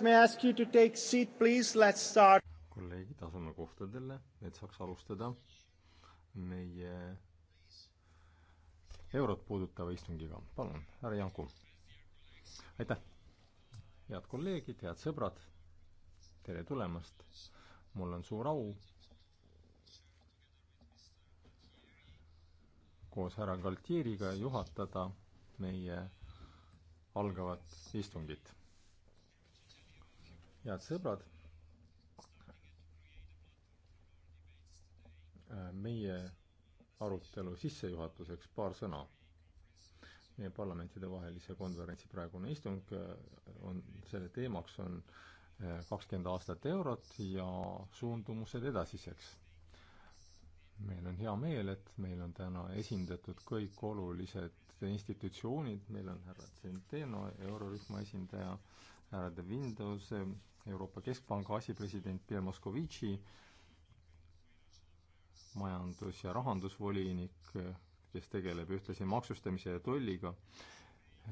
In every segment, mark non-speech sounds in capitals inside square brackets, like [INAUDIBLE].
May I ask you to take seat, please, let's start. kolleegid, asume kohtadele, et saaks alustada meie eurot puudutava istungiga. palun, härra Janku. aitäh! head kolleegid, head sõbrad, tere tulemast! mul on suur au koos härra Galtieriga juhatada meie algavat istungit head sõbrad, äh, meie arutelu sissejuhatuseks paar sõna. meie parlamentidevahelise konverentsi praegune istung äh, on, selle teemaks on äh, kakskümmend aastat eurot ja suundumused edasiseks. meil on hea meel, et meil on täna esindatud kõik olulised institutsioonid, meil on härra Centeno, eurorühma esindaja, härra De Windows, Euroopa Keskpanga asepresident Pierre Moscovici, majandus- ja rahandusvolinik, kes tegeleb ühtlasi maksustamise ja tolliga.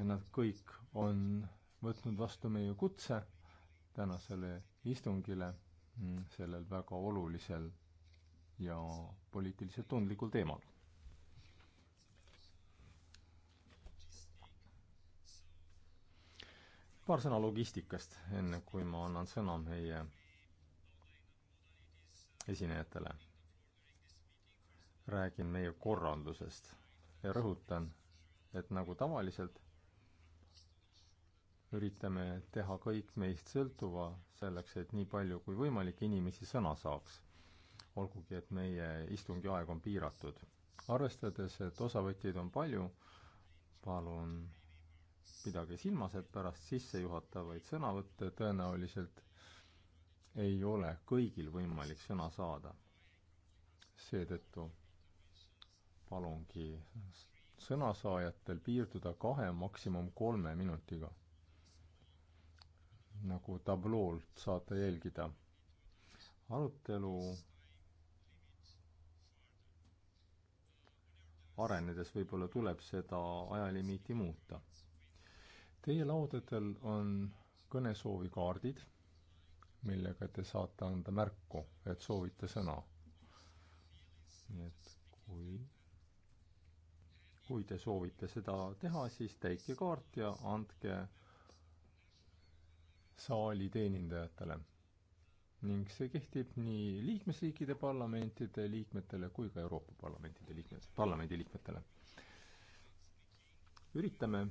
Nad kõik on võtnud vastu meie kutse tänasele istungile mm, sellel väga olulisel ja poliitiliselt tundlikul teemal paar sõna logistikast, enne kui ma annan sõna meie esinejatele. räägin meie korraldusest ja rõhutan, et nagu tavaliselt üritame teha kõik meist sõltuva selleks, et nii palju kui võimalik inimesi sõna saaks. olgugi, et meie istungi aeg on piiratud. arvestades, et osavõtjaid on palju, palun pidage silmas, et pärast sissejuhatavaid sõnavõtte tõenäoliselt ei ole kõigil võimalik sõna saada. seetõttu palungi sõnasaajatel piirduda kahe, maksimum kolme minutiga. nagu tabloolt saate jälgida. arutelu arenedes võib-olla tuleb seda ajalimiiti muuta Teie laudadel on kõnesoovikaardid, millega te saate anda märku, et soovite sõna. nii et kui, kui te soovite seda teha, siis täitke kaart ja andke saali teenindajatele. ning see kehtib nii liikmesriikide parlamentide liikmetele kui ka Euroopa Parlamentide liikmed, parlamendi liikmetele. üritame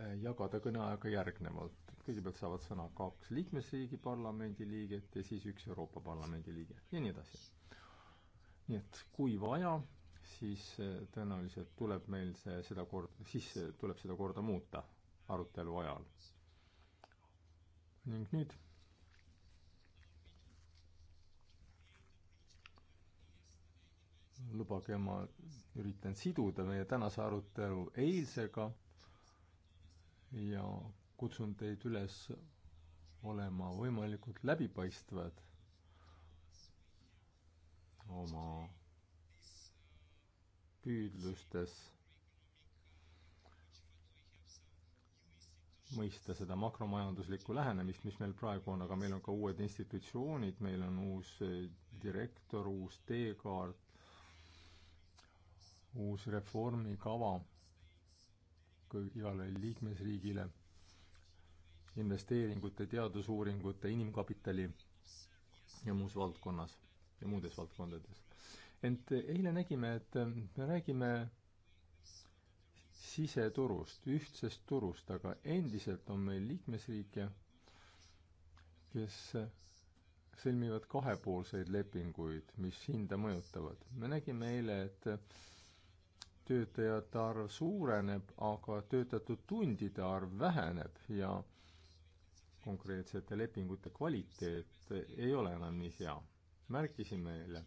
Äh, jagada kõneaega järgnevalt. kõigepealt saavad sõna kaks liikmesriigi parlamendi liiget ja siis üks Euroopa Parlamendi liige ja nii edasi. nii et kui vaja, siis äh, tõenäoliselt tuleb meil see seda kord, siis äh, tuleb seda korda muuta arutelu ajal. ning nüüd lubage, ma üritan siduda meie tänase arutelu eilsega ja kutsun teid üles olema võimalikult läbipaistvad oma püüdlustes mõista seda makromajanduslikku lähenemist, mis meil praegu on, aga meil on ka uued institutsioonid, meil on uus eh, direktor, uus teekaart, uus reformikava kui igale liikmesriigile investeeringute, teadusuuringute, inimkapitali ja muus valdkonnas ja muudes valdkondades. ent eile nägime, et me räägime siseturust, ühtsest turust, aga endiselt on meil liikmesriike, kes sõlmivad kahepoolseid lepinguid, mis hinda mõjutavad. me nägime eile, et töötajate arv suureneb, aga töötatud tundide arv väheneb ja konkreetsete lepingute kvaliteet ei ole enam nii hea. märkisime eile,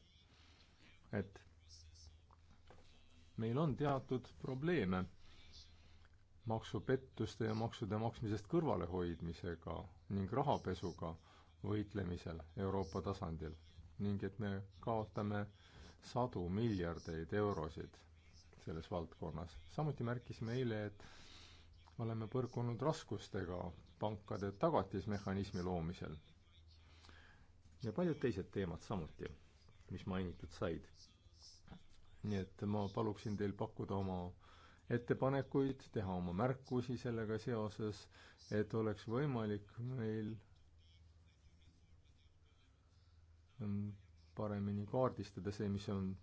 et meil on teatud probleeme maksupettuste ja maksude maksmisest kõrvalehoidmisega ning rahapesuga võitlemisel Euroopa tasandil ning et me kaotame sadu miljardeid eurosid selles valdkonnas. samuti märkisime eile, et oleme põrkunud raskustega pankade tagatismehhanismi loomisel ja paljud teised teemad samuti, mis mainitud said. nii et ma paluksin teil pakkuda oma ettepanekuid, teha oma märkusi sellega seoses, et oleks võimalik meil mm, paremini kaardistada see, mis on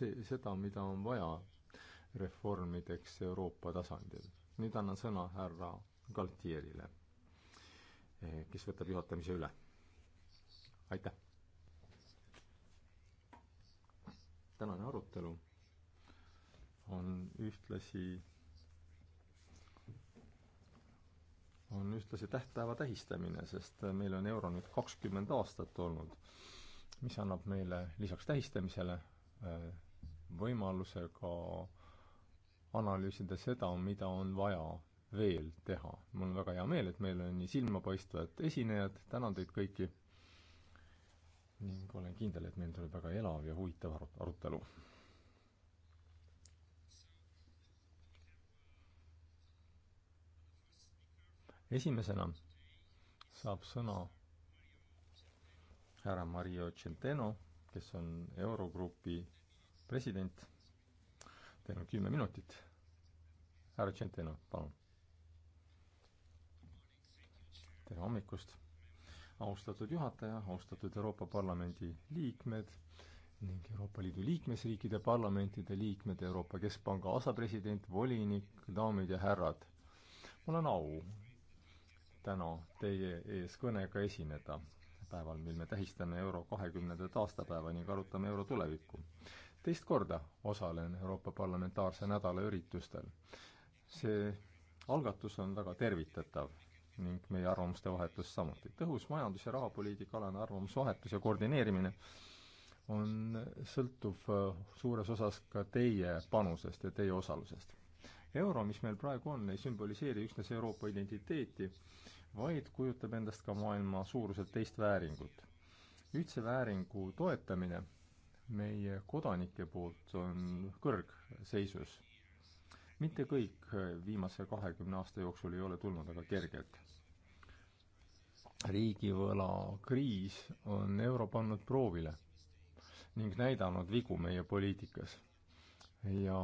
see, seda, mida on vaja reformideks Euroopa tasandil. nüüd annan sõna härra Galtierile, eh, kes võtab juhatamise üle. aitäh! tänane arutelu on ühtlasi, on ühtlasi tähtpäeva tähistamine, sest meil on euro nüüd kakskümmend aastat olnud, mis annab meile lisaks tähistamisele eh, võimaluse ka äh, analüüsida seda, mida on vaja veel teha. mul on väga hea meel, et meil on nii silmapaistvad esinejad, tänan teid kõiki ning olen kindel, et meil tuleb väga elav ja huvitav arut-, arutelu. esimesena saab sõna härra Mario Centeno, kes on Eurogrupi president Teil on kümme minutit. härra Tšenteno, palun. tere hommikust, austatud juhataja, austatud Euroopa Parlamendi liikmed ning Euroopa Liidu liikmesriikide parlamentide liikmed, Euroopa Keskpanga asepresident, volinik, daamid ja härrad. mul on au täna teie ees kõnega esineda, päeval, mil me tähistame euro kahekümnendat aastapäeva ning arutame euro tulevikku teist korda osalen Euroopa Parlamentaarse Nädala üritustel. see algatus on väga tervitatav ning meie arvamuste vahetus samuti. tõhus majandus- ja rahapoliitika alane arvamusvahetus ja koordineerimine on, sõltub äh, suures osas ka teie panusest ja teie osalusest. euro, mis meil praegu on, ei sümboliseeri üksnes Euroopa identiteeti, vaid kujutab endast ka maailma suuruselt teist vääringut. ühtse vääringu toetamine meie kodanike poolt on kõrgseisus. mitte kõik viimase kahekümne aasta jooksul ei ole tulnud väga kergelt. riigivõlakriis on euro pannud proovile ning näidanud vigu meie poliitikas ja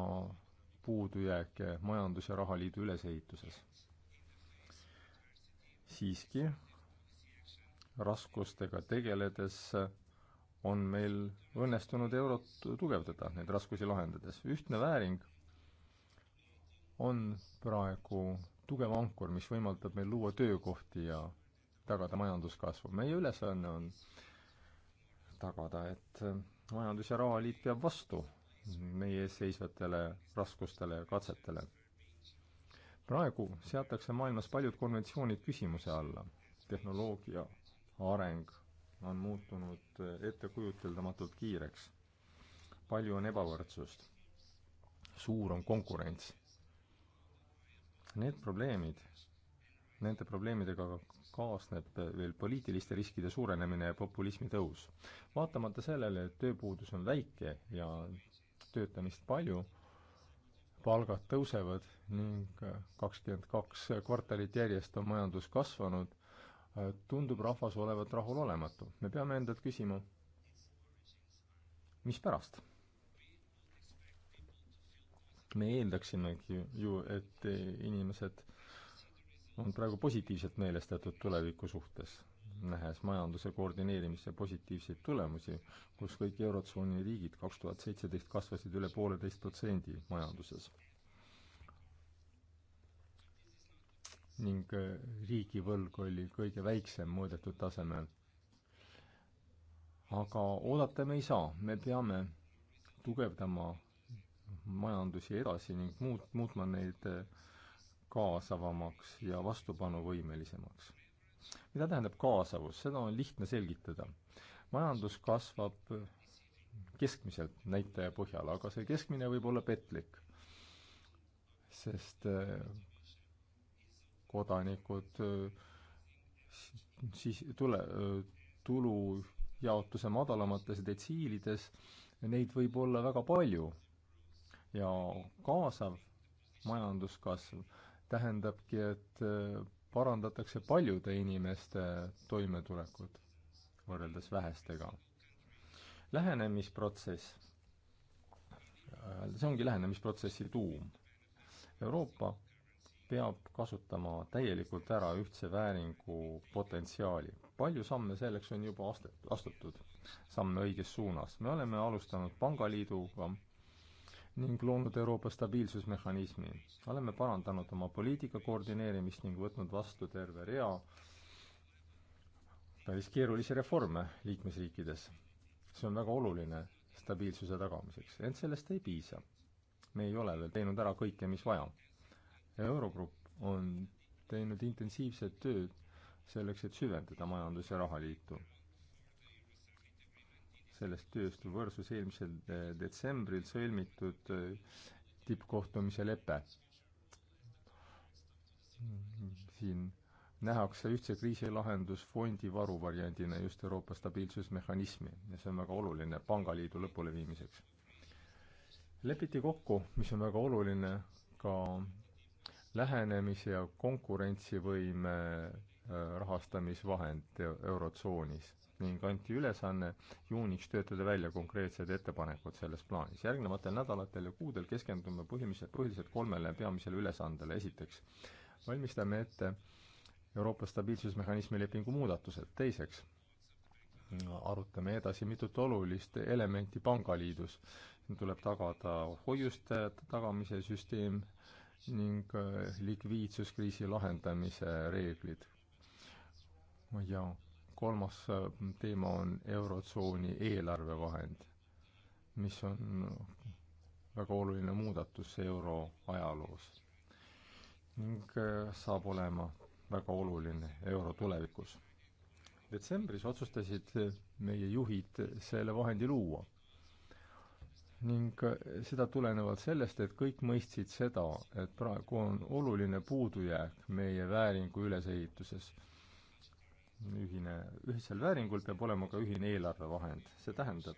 puudujääke majandus- ja rahaliidu ülesehituses. siiski, raskustega tegeledes on meil õnnestunud eurot tugevdada, neid raskusi lahendades. ühtne vääring on praegu tugev ankur, mis võimaldab meil luua töökohti ja tagada majanduskasvu. meie ülesanne on tagada, et majandus- ja rahaliit peab vastu meie ees seisvatele raskustele ja katsetele. praegu seatakse maailmas paljud konventsioonid küsimuse alla. tehnoloogia areng on muutunud eh, ettekujuteldamatult kiireks. palju on ebavõrdsust, suur on konkurents. Need probleemid, nende probleemidega kaasneb eh, veel poliitiliste riskide suurenemine ja populismi tõus. vaatamata sellele, et tööpuudus on väike ja töötamist palju, palgad tõusevad ning eh, kakskümmend kaks kvartalit järjest on majandus kasvanud tundub rahvas olevat rahulolematu. me peame endalt küsima, mispärast? me eeldaksimegi ju, et inimesed on praegu positiivselt meelestatud tuleviku suhtes, nähes majanduse koordineerimise positiivseid tulemusi, kus kõik Eurotsooni riigid kaks tuhat seitseteist kasvasid üle pooleteist protsendi majanduses ning äh, riigivõlg oli kõige väiksem mõõdetud tasemel. aga oodata me ei saa, me peame tugevdama majandusi edasi ning muut-, muutma neid äh, kaasavamaks ja vastupanuvõimelisemaks. mida tähendab kaasavus, seda on lihtne selgitada. majandus kasvab keskmiselt näitaja põhjal, aga see keskmine võib olla petlik, sest äh, kodanikud siis tule, tulujaotuse madalamates detsiilides, neid võib olla väga palju. ja kaasav majanduskasv tähendabki, et parandatakse paljude inimeste toimetulekut võrreldes vähestega. lähenemisprotsess, see ongi lähenemisprotsessi tuum. Euroopa peab kasutama täielikult ära ühtse vääringu potentsiaali. palju samme selleks on juba astet-, astutud, samme õiges suunas. me oleme alustanud Pangaliiduga ning loonud Euroopa stabiilsusmehhanismi. oleme parandanud oma poliitika koordineerimist ning võtnud vastu terve rea päris keerulisi reforme liikmesriikides. see on väga oluline stabiilsuse tagamiseks, ent sellest ei piisa. me ei ole veel teinud ära kõike, mis vaja Eurogrupp on teinud intensiivset tööd selleks, et süvendada majandus- ja rahaliitu. sellest tööst võrsus eelmisel eh, detsembril sõlmitud eh, tippkohtumise lepe. siin nähakse ühtse kriisilahendusfondi varuvariandina just Euroopa stabiilsusmehhanismi ja see on väga oluline pangaliidu lõpuleviimiseks. lepiti kokku, mis on väga oluline, ka lähenemise ja konkurentsivõime äh, rahastamisvahend Eurotsoonis ning anti ülesanne juuniks töötada välja konkreetsed ettepanekud selles plaanis. järgnevatel nädalatel ja kuudel keskendume põhiliselt, põhiliselt kolmele peamisele ülesandele. esiteks, valmistame ette Euroopa stabiilsusmehhanismi lepingu muudatused. teiseks, arutame edasi mitut olulist elementi pangaliidus. tuleb tagada hoiuste tagamise süsteem ning äh, likviidsuskriisi lahendamise reeglid. ja kolmas äh, teema on Eurotsooni eelarvevahend, mis on väga oluline muudatus euro ajaloos ning äh, saab olema väga oluline euro tulevikus. detsembris otsustasid meie juhid selle vahendi luua ning seda tulenevalt sellest, et kõik mõistsid seda, et praegu on oluline puudujääk meie vääringu ülesehituses. ühine, ühisel vääringul peab olema ka ühine eelarvevahend, see tähendab,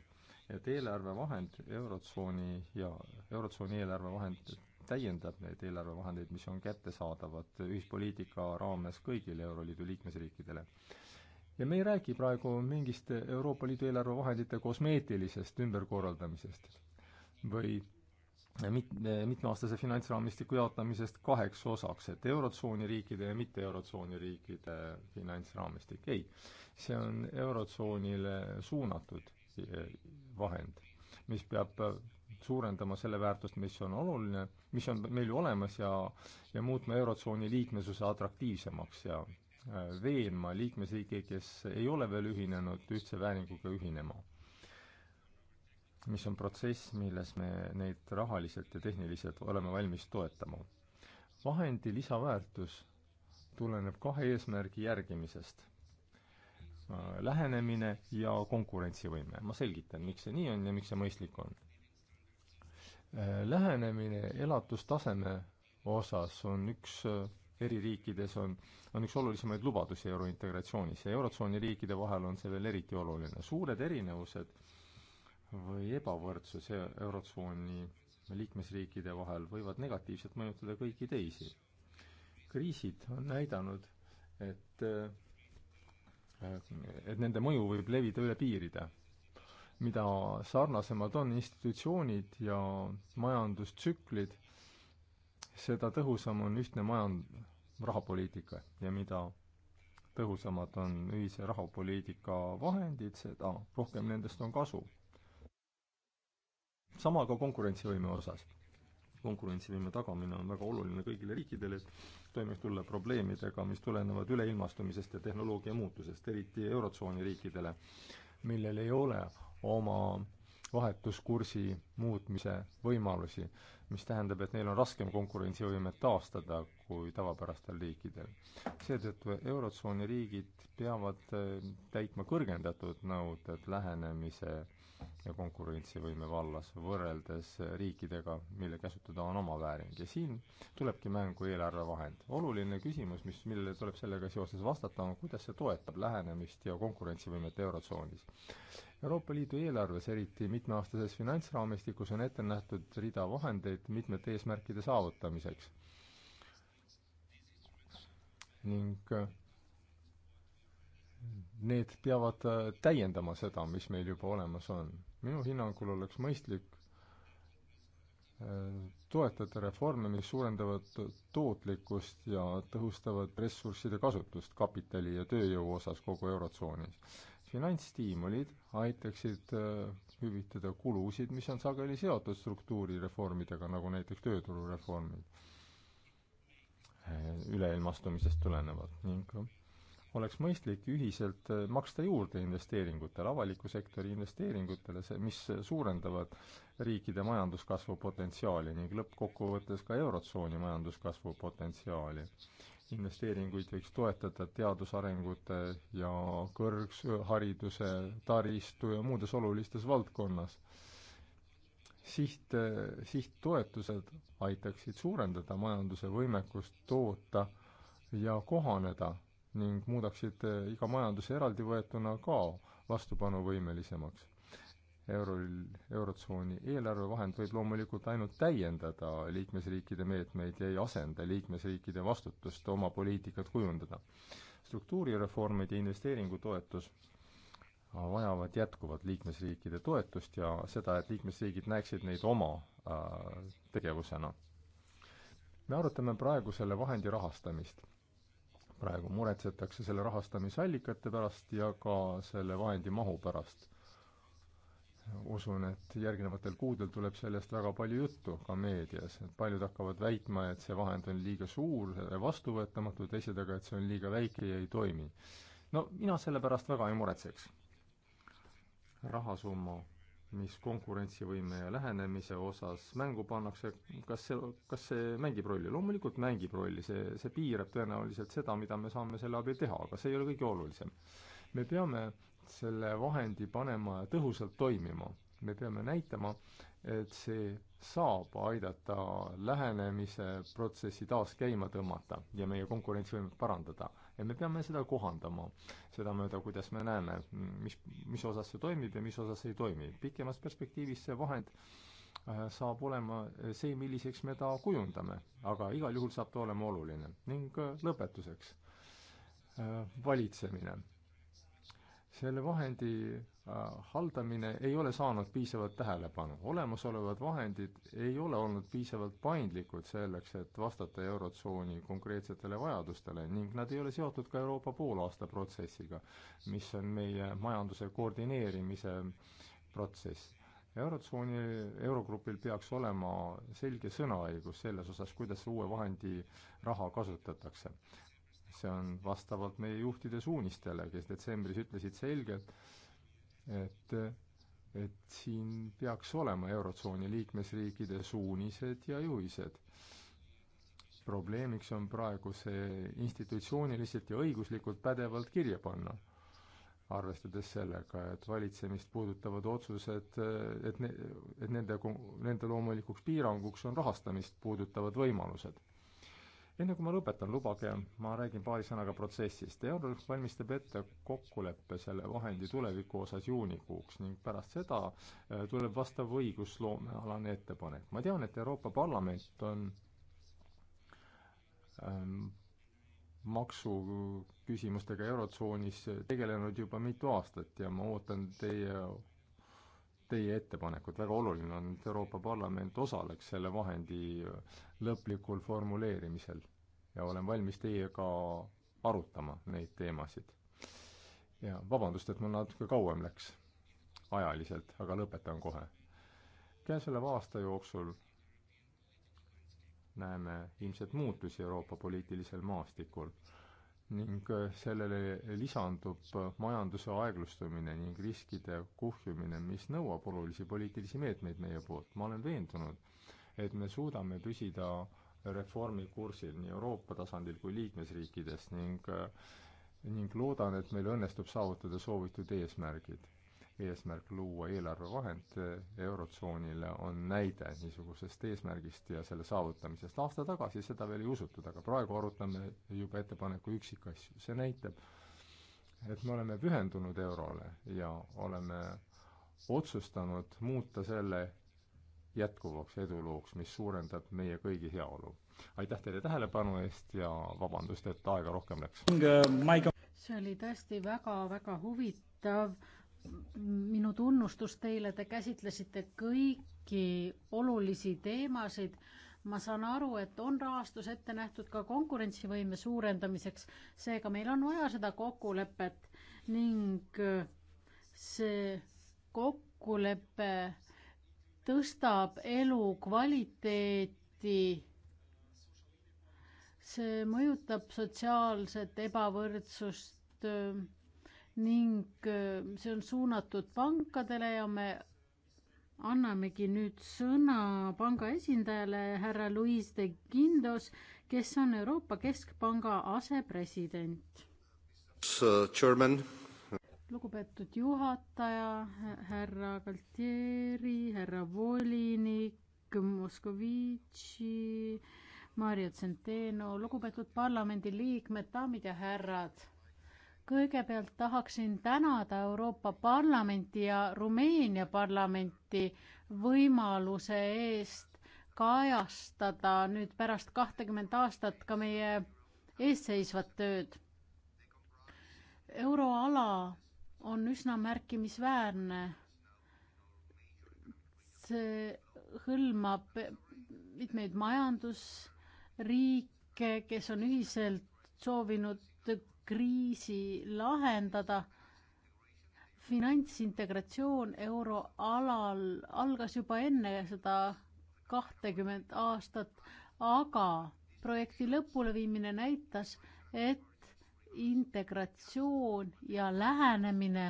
et eelarvevahend Eurotsooni ja Eurotsooni eelarvevahend täiendab neid eelarvevahendeid, mis on kättesaadavad ühispoliitika raames kõigile Euroliidu liikmesriikidele. ja me ei räägi praegu mingist Euroopa Liidu eelarvevahendite kosmeetilisest ümberkorraldamisest või mit-, mitmeaastase finantsraamistiku jaotamisest kaheks osaks, et Eurotsooni riikide ja mitte Eurotsooni riikide finantsraamistik, ei. see on Eurotsoonile suunatud eh, vahend, mis peab äh, suurendama selle väärtust, mis on oluline, mis on meil ju olemas ja ja muutma Eurotsooni liikmesuse atraktiivsemaks ja äh, veenma liikmesriike, kes ei ole veel ühinenud, ühtse vääringuga ühinema mis on protsess, milles me neid rahaliselt ja tehniliselt oleme valmis toetama. vahendi lisaväärtus tuleneb kahe eesmärgi järgimisest. Äh, lähenemine ja konkurentsivõime. ma selgitan, miks see nii on ja miks see mõistlik on. Äh, lähenemine elatustaseme osas on üks äh, eri riikides on, on üks olulisemaid lubadusi eurointegratsioonis ja eurotsooni riikide vahel on see veel eriti oluline. suured erinevused äh, või ebavõrdsus e- Eurotsooni liikmesriikide vahel võivad negatiivselt mõjutada kõiki teisi. kriisid on näidanud, et, äh, et nende mõju võib levida üle piiride. mida sarnasemad on institutsioonid ja majandustsüklid, seda tõhusam on ühtne majand-, rahapoliitika ja mida tõhusamad on ühise rahapoliitika vahendid, seda rohkem nendest on kasu sama ka konkurentsivõime osas. konkurentsivõime tagamine on väga oluline kõigile riikidele, et toime tulla probleemidega, mis tulenevad üleilmastumisest ja tehnoloogia muutusest, eriti Eurotsooni riikidele, millel ei ole oma vahetuskursi muutmise võimalusi, mis tähendab, et neil on raskem konkurentsivõimet taastada kui tavapärastel riikidel. seetõttu Eurotsooni riigid peavad äh, täitma kõrgendatud nõuded lähenemise ja konkurentsivõime vallas võrreldes riikidega, mille käsutada on oma vääring. ja siin tulebki mängu eelarvevahend. oluline küsimus, mis, millele tuleb sellega seoses vastata, on kuidas see toetab lähenemist ja konkurentsivõimet Eurotsoonis. Euroopa Liidu eelarves, eriti mitmeaastases finantsraamistikus, on ette nähtud rida vahendeid mitmete eesmärkide saavutamiseks. ning need peavad äh, täiendama seda, mis meil juba olemas on. minu hinnangul oleks mõistlik äh, toetada reforme, mis suurendavad tootlikkust ja tõhustavad ressursside kasutust kapitali ja tööjõu osas kogu Eurotsoonis. finantsstiimulid aitaksid äh, hüvitada kulusid, mis on sageli seotud struktuurireformidega, nagu näiteks tööturureformid üleilmastumisest tulenevad ning oleks mõistlik ühiselt äh, maksta juurde investeeringutele, avaliku sektori investeeringutele, see, mis suurendavad riikide majanduskasvu potentsiaali ning lõppkokkuvõttes ka Eurotsooni majanduskasvu potentsiaali. investeeringuid võiks toetada teadusarengute ja kõrghariduse, taristu ja muudes olulistes valdkonnas. siht, äh, sihttoetused aitaksid suurendada majanduse võimekust toota ja kohaneda ning muudaksid eh, iga majanduse eraldivõetuna ka vastupanuvõimelisemaks. euro, Eurotsooni eelarvevahend võib loomulikult ainult täiendada liikmesriikide meetmeid ja ei asenda liikmesriikide vastutust oma poliitikat kujundada. struktuurireformid ja investeeringutoetus vajavad jätkuvat liikmesriikide toetust ja seda, et liikmesriigid näeksid neid oma äh, tegevusena. me arutame praegu selle vahendi rahastamist praegu muretsetakse selle rahastamisallikate pärast ja ka selle vahendi mahu pärast. usun, et järgnevatel kuudel tuleb sellest väga palju juttu ka meedias, et paljud hakkavad väitma, et see vahend on liiga suur, vastuvõetamatu, teised aga, et see on liiga väike ja ei toimi. no mina selle pärast väga ei muretseks rahasumma mis konkurentsivõime ja lähenemise osas mängu pannakse, kas see, kas see mängib rolli? loomulikult mängib rolli, see, see piirab tõenäoliselt seda, mida me saame selle abil teha, aga see ei ole kõige olulisem. me peame selle vahendi panema tõhusalt toimima. me peame näitama, et see saab aidata lähenemise protsessi taas käima tõmmata ja meie konkurentsivõimet parandada ja me peame seda kohandama sedamööda, kuidas me näeme, mis, mis osas see toimib ja mis osas ei toimi. pikemas perspektiivis see vahend äh, saab olema see, milliseks me ta kujundame, aga igal juhul saab ta olema oluline. ning äh, lõpetuseks, äh, valitsemine selle vahendi äh, haldamine ei ole saanud piisavat tähelepanu. olemasolevad vahendid ei ole olnud piisavalt paindlikud selleks, et vastata Eurotsooni konkreetsetele vajadustele ning nad ei ole seotud ka Euroopa poolaasta protsessiga, mis on meie majanduse koordineerimise protsess. Eurotsooni, Eurogrupil peaks olema selge sõnaõigus selles osas, kuidas uue vahendi raha kasutatakse see on vastavalt meie juhtide suunistele, kes detsembris ütlesid selgelt, et, et siin peaks olema Eurotsooni liikmesriikide suunised ja juhised. probleemiks on praegu see institutsiooniliselt ja õiguslikult pädevalt kirja panna arvestades sellega, et valitsemist puudutavad otsused, et ne-, et nende, nende loomulikuks piiranguks on rahastamist puudutavad võimalused enne kui ma lõpetan, lubage, ma räägin paari sõnaga protsessist. eurorühm valmistab ette kokkuleppe selle vahendi tuleviku osas juunikuuks ning pärast seda äh, tuleb vastav õigusloomealane ettepanek. ma tean, et Euroopa Parlament on ähm, maksuküsimustega Eurotsoonis tegelenud juba mitu aastat ja ma ootan teie teie ettepanekut, väga oluline on, et Euroopa Parlament osaleks selle vahendi äh, lõplikul formuleerimisel ja olen valmis teiega arutama neid teemasid. ja vabandust, et mul natuke kauem läks ajaliselt, aga lõpetan kohe. käesoleva aasta jooksul näeme ilmselt muutusi Euroopa poliitilisel maastikul ning sellele lisandub majanduse aeglustumine ning riskide kuhjumine, mis nõuab olulisi poliitilisi meetmeid meie poolt. ma olen veendunud, et me suudame püsida reformikursil nii Euroopa tasandil kui liikmesriikides ning ning loodan, et meil õnnestub saavutada soovitud eesmärgid. eesmärk luua eelarvevahend Eurotsoonile on näide niisugusest eesmärgist ja selle saavutamisest. aasta tagasi seda veel ei usutud, aga praegu arutame juba ettepaneku üksikasju. see näitab, et me oleme pühendunud eurole ja oleme otsustanud muuta selle jätkuvaks edulooks, mis suurendab meie kõigi heaolu. aitäh teile tähelepanu eest ja vabandust, et aega rohkem läks. see oli tõesti väga-väga huvitav. minu tunnustus teile, te käsitlesite kõiki olulisi teemasid. ma saan aru, et on rahastus ette nähtud ka konkurentsivõime suurendamiseks, seega meil on vaja seda kokkulepet ning see kokkulepe tõstab elukvaliteeti. see mõjutab sotsiaalset ebavõrdsust äh, ning äh, see on suunatud pankadele ja me annamegi nüüd sõna panga esindajale, härra Luis de Guindos, kes on Euroopa Keskpanga asepresident. Chairman lugupeetud juhataja, härra Galtieri, härra volinik, Moskovitši, Mario Centeno, lugupeetud parlamendiliikmed, daamid ja härrad. kõigepealt tahaksin tänada Euroopa Parlamenti ja Rumeenia parlamenti võimaluse eest kajastada nüüd pärast kahtekümmet aastat ka meie eesseisvat tööd. euroala on üsna märkimisväärne. see hõlmab mitmeid majandusriike, kes on ühiselt soovinud kriisi lahendada. finantsintegratsioon euroalal algas juba enne seda kahtekümmet aastat, aga projekti lõpuleviimine näitas, et integratsioon ja lähenemine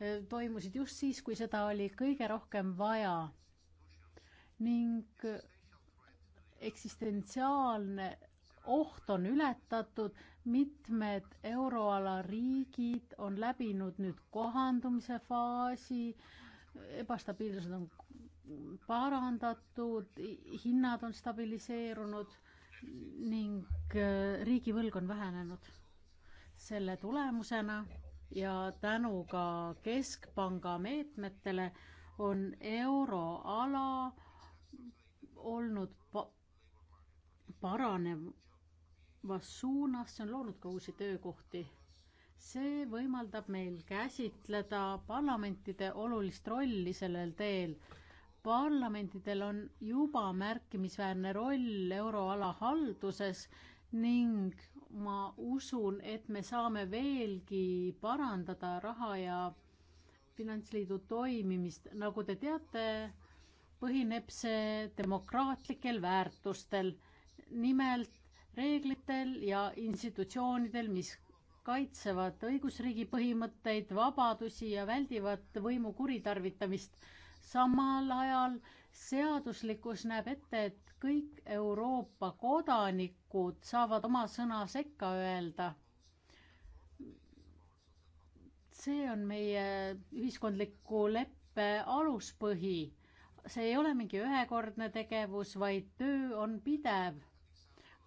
eh, toimusid just siis, kui seda oli kõige rohkem vaja. ning eh, eksistentsiaalne oht on ületatud, mitmed euroala riigid on läbinud nüüd kohandumise faasi, ebastabiilsused on parandatud, hinnad on stabiliseerunud ning eh, riigivõlg on vähenenud selle tulemusena ja tänu ka keskpanga meetmetele on euroala olnud pa paranevas suunas, see on loonud ka uusi töökohti. see võimaldab meil käsitleda parlamentide olulist rolli sellel teel. parlamentidel on juba märkimisväärne roll euroala halduses ning ma usun, et me saame veelgi parandada raha ja finantsliidu toimimist, nagu te teate, põhineb see demokraatlikel väärtustel, nimelt reeglitel ja institutsioonidel, mis kaitsevad õigusriigi põhimõtteid, vabadusi ja väldivad võimu kuritarvitamist. samal ajal seaduslikkus näeb ette, et kõik Euroopa kodanikud saavad oma sõna sekka öelda. see on meie ühiskondliku leppe aluspõhi. see ei ole mingi ühekordne tegevus, vaid töö on pidev.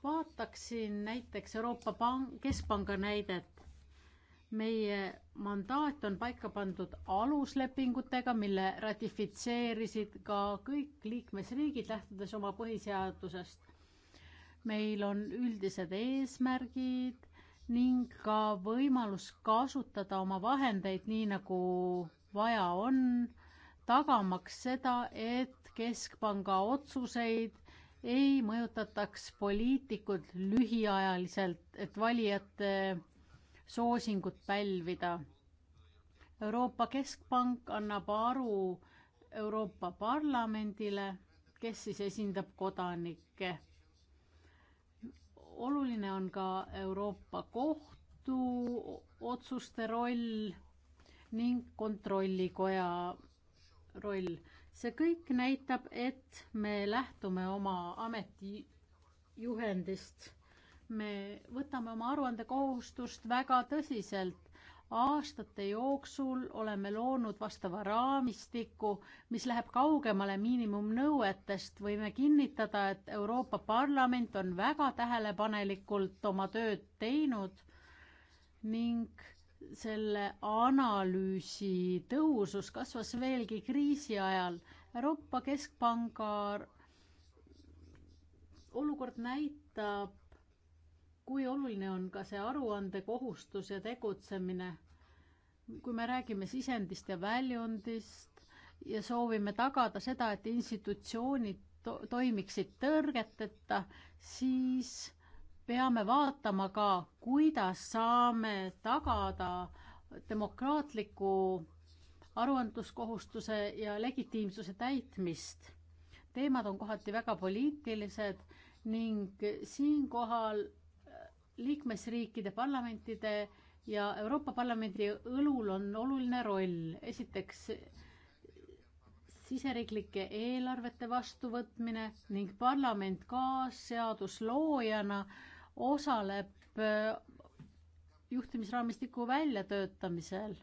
vaataksin näiteks Euroopa Pank, Keskpanga näidet. meie mandaat on paika pandud aluslepingutega, mille ratifitseerisid ka kõik liikmesriigid, lähtudes oma põhiseadusest. meil on üldised eesmärgid ning ka võimalus kasutada oma vahendeid nii, nagu vaja on, tagamaks seda, et keskpanga otsuseid ei mõjutataks poliitikud lühiajaliselt, et valijate soosingut pälvida. Euroopa Keskpank annab aru Euroopa Parlamendile, kes siis esindab kodanikke. oluline on ka Euroopa Kohtu otsuste roll ning Kontrollikoja roll. see kõik näitab, et me lähtume oma ametijuhendist me võtame oma aruandekohustust väga tõsiselt. aastate jooksul oleme loonud vastava raamistiku, mis läheb kaugemale miinimumnõuetest. võime kinnitada, et Euroopa Parlament on väga tähelepanelikult oma tööd teinud ning selle analüüsi tõhusus kasvas veelgi kriisi ajal. Euroopa Keskpanga olukord näitab, kui oluline on ka see aruandekohustus ja tegutsemine, kui me räägime sisendist ja väljundist ja soovime tagada seda, et institutsioonid to toimiksid tõrgeteta, siis peame vaatama ka, kuidas saame tagada demokraatliku aruandluskohustuse ja legitiimsuse täitmist. teemad on kohati väga poliitilised ning siinkohal liikmesriikide parlamentide ja Euroopa Parlamendi õlul on oluline roll. esiteks siseriiklike eelarvete vastuvõtmine ning parlament kaasseadusloojana osaleb äh, juhtimisraamistiku väljatöötamisel.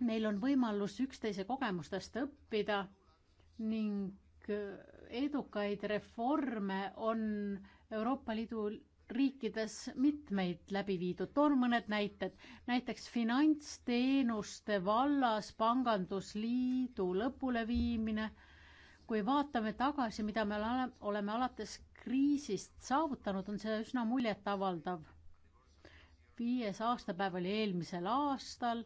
meil on võimalus üksteise kogemustest õppida ning äh, edukaid reforme on Euroopa Liidu riikides mitmeid läbi viidud, toon mõned näited. näiteks finantsteenuste vallas pangandusliidu lõpuleviimine. kui vaatame tagasi, mida me oleme alates kriisist saavutanud, on see üsna muljetavaldav. viies aastapäev oli eelmisel aastal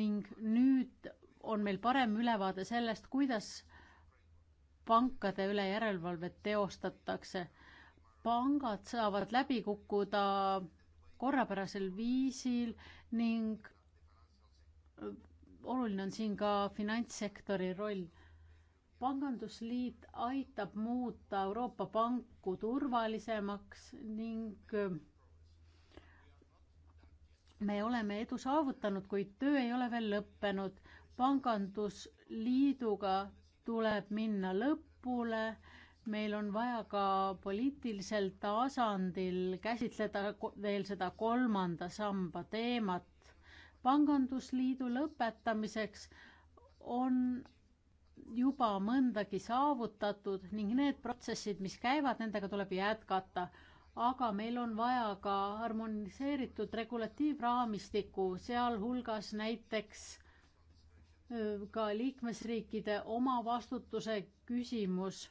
ning nüüd on meil parem ülevaade sellest, kuidas pankade üle järelevalvet teostatakse pangad saavad läbi kukkuda korrapärasel viisil ning oluline on siin ka finantssektori roll. pangandusliit aitab muuta Euroopa panku turvalisemaks ning me oleme edu saavutanud, kuid töö ei ole veel lõppenud. pangandusliiduga tuleb minna lõpule meil on vaja ka poliitilisel tasandil käsitleda veel seda kolmanda samba teemat. pangandusliidu lõpetamiseks on juba mõndagi saavutatud ning need protsessid, mis käivad, nendega tuleb jätkata. aga meil on vaja ka harmoniseeritud regulatiivraamistikku, sealhulgas näiteks ka liikmesriikide omavastutuse küsimus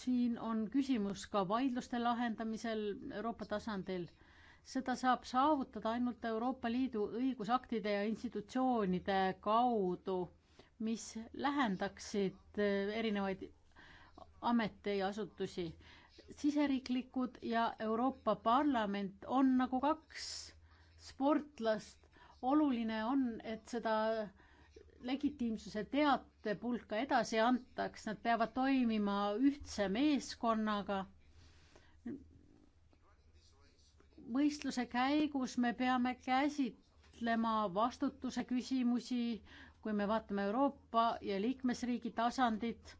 siin on küsimus ka vaidluste lahendamisel Euroopa tasandil. seda saab saavutada ainult Euroopa Liidu õigusaktide ja institutsioonide kaudu, mis lähendaksid eh, erinevaid ameteid ja asutusi. siseriiklikud ja Euroopa Parlament on nagu kaks sportlast. oluline on, et seda legitiimsuse teate pulka edasi antaks, nad peavad toimima ühtse meeskonnaga. võistluse käigus me peame käsitlema vastutuse küsimusi, kui me vaatame Euroopa ja liikmesriigi tasandit,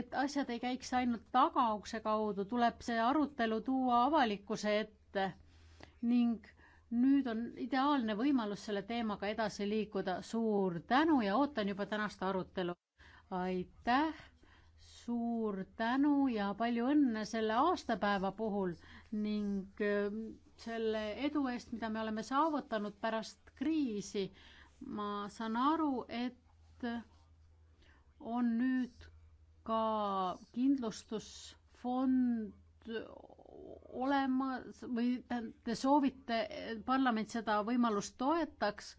et asjad ei käiks ainult tagaukse kaudu, tuleb see arutelu tuua avalikkuse ette ning nüüd on ideaalne võimalus selle teemaga edasi liikuda. suur tänu ja ootan juba tänast arutelu. aitäh, suur tänu ja palju õnne selle aastapäeva puhul ning ähm, selle edu eest, mida me oleme saavutanud pärast kriisi. ma saan aru, et on nüüd ka kindlustusfond olema või te soovite, et parlament seda võimalust toetaks,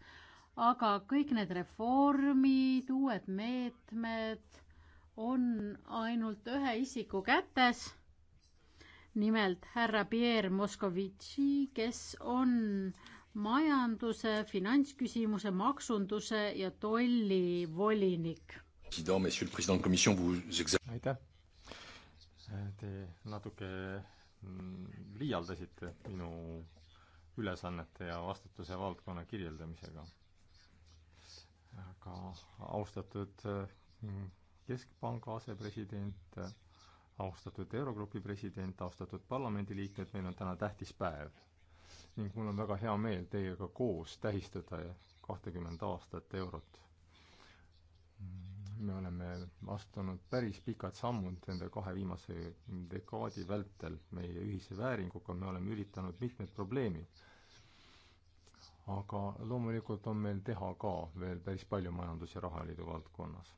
aga kõik need reformid, uued meetmed on ainult ühe isiku kätes. nimelt härra Pierre Moskovitši, kes on majanduse, finantsküsimuse, maksunduse ja tollivolinik. aitäh, te natuke liialdasite minu ülesannete ja vastutuse valdkonna kirjeldamisega. aga austatud mm, Keskpanga asepresident, austatud Eurogrupi president, austatud parlamendiliikmed, meil on täna tähtis päev. ning mul on väga hea meel teiega koos tähistada kahtekümmend aastat Eurot mm me oleme astunud päris pikad sammud nende kahe viimase dekaadi vältel meie ühise vääringuga, me oleme üritanud mitmed probleemid. aga loomulikult on meil teha ka veel päris palju Majandus- ja Rahaliidu valdkonnas.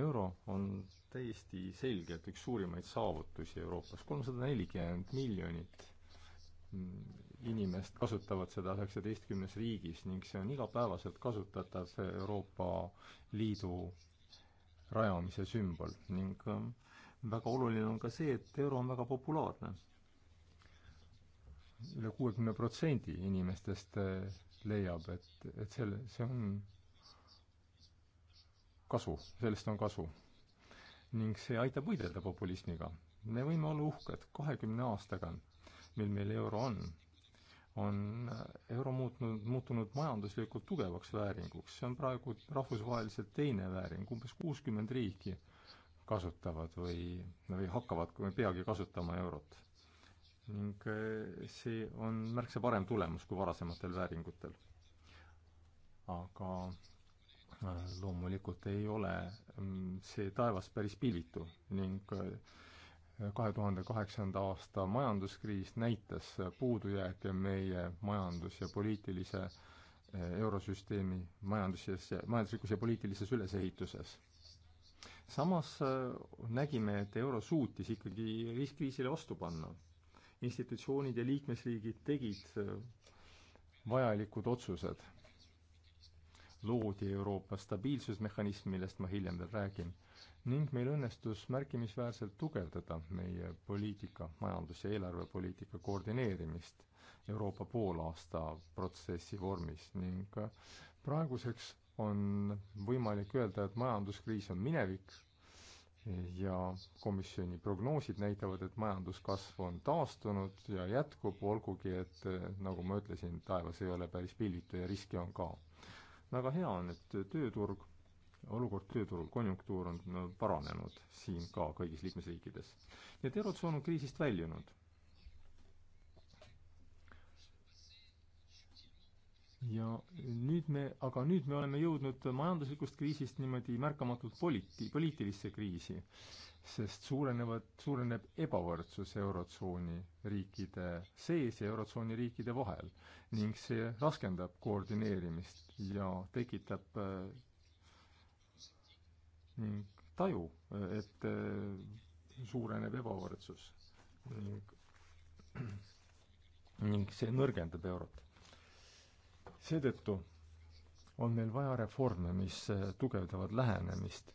euro on täiesti selgelt üks suurimaid saavutusi Euroopas, kolmsada nelikümmend miljonit inimest kasutavad seda üheksateistkümnes riigis ning see on igapäevaselt kasutatav Euroopa Liidu rajamise sümbol ning ähm, väga oluline on ka see, et euro on väga populaarne üle. üle kuuekümne protsendi inimestest äh, leiab, et, et selle, see on kasu, sellest on kasu. ning see aitab võidelda populismiga. me võime olla uhked kahekümne aastaga, mil meil euro on, on euro muutnud, muutunud majanduslikult tugevaks vääringuks. see on praegu rahvusvaheliselt teine vääring, umbes kuuskümmend riiki kasutavad või, või hakkavad või peagi kasutama eurot. ning eh, see on märksa parem tulemus kui varasematel vääringutel. aga eh, loomulikult ei ole mm, see taevas päris pilvitu ning eh, kahe tuhande kaheksanda aasta majanduskriis näitas puudujääke meie majandus- ja poliitilise eh, eurosüsteemi majanduses, majanduslikus ja poliitilises ülesehituses. samas eh, nägime, et euro suutis ikkagi riskikriisile vastu panna. institutsioonid ja liikmesriigid tegid eh, vajalikud otsused. loodi Euroopa stabiilsusmehhanism, millest ma hiljem veel räägin ning meil õnnestus märkimisväärselt tugevdada meie poliitika majandus, majandus- ja eelarvepoliitika koordineerimist Euroopa poolaasta protsessi vormis ning praeguseks on võimalik öelda, et majanduskriis on minevik ja komisjoni prognoosid näitavad, et majanduskasv on taastunud ja jätkub, olgugi et nagu ma ütlesin, taevas ei ole päris pilvitu ja riske on ka. väga hea on, et tööturg olukord tööturul, konjunktuur on paranenud siin ka kõigis liikmesriikides. nii et eurotsoon on kriisist väljunud. ja nüüd me, aga nüüd me oleme jõudnud majanduslikust kriisist niimoodi märkamatult politi-, poliitilisse kriisi, sest suurenevad, suureneb ebavõrdsus Eurotsooni riikide sees ja Eurotsooni riikide vahel ning see raskendab koordineerimist ja tekitab ning taju, et eh, suureneb ebavõrdsus ning, [CLEARS THROAT] ning see nõrgendab eurot. seetõttu on meil vaja reforme, mis eh, tugevdavad lähenemist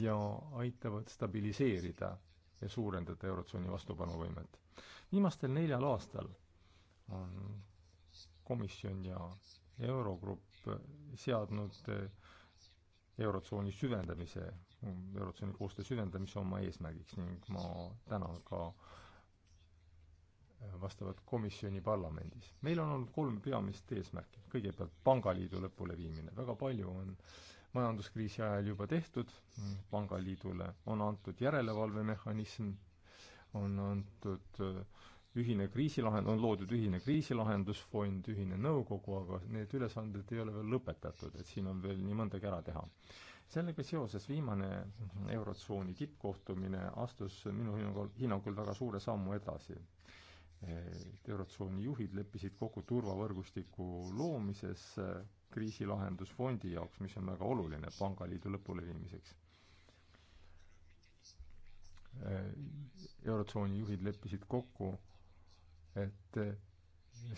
ja aitavad stabiliseerida ja suurendada Eurotsooni vastupanuvõimet. viimastel neljal aastal on komisjon ja Eurogrupp seadnud eh, Eurotsooni süvendamise, Eurotsooni koostöö süvendamise oma eesmärgiks ning ma tänan ka vastavat komisjoni parlamendis. meil on olnud kolm peamist eesmärki. kõigepealt pangaliidu lõpuleviimine. väga palju on majanduskriisi ajal juba tehtud, pangaliidule on antud järelevalvemehhanism, on antud äh, ühine kriisilahend, on loodud ühine kriisilahendusfond, ühine nõukogu, aga need ülesanded ei ole veel lõpetatud, et siin on veel nii mõndagi ära teha. sellega seoses viimane Eurotsooni tippkohtumine astus minu hinnangul, hinnangul väga suure sammu edasi. Eurotsooni juhid leppisid kokku turvavõrgustiku loomises kriisilahendusfondi jaoks, mis on väga oluline pangaliidu lõpuleviimiseks eurotsooni juhid leppisid kokku et eh,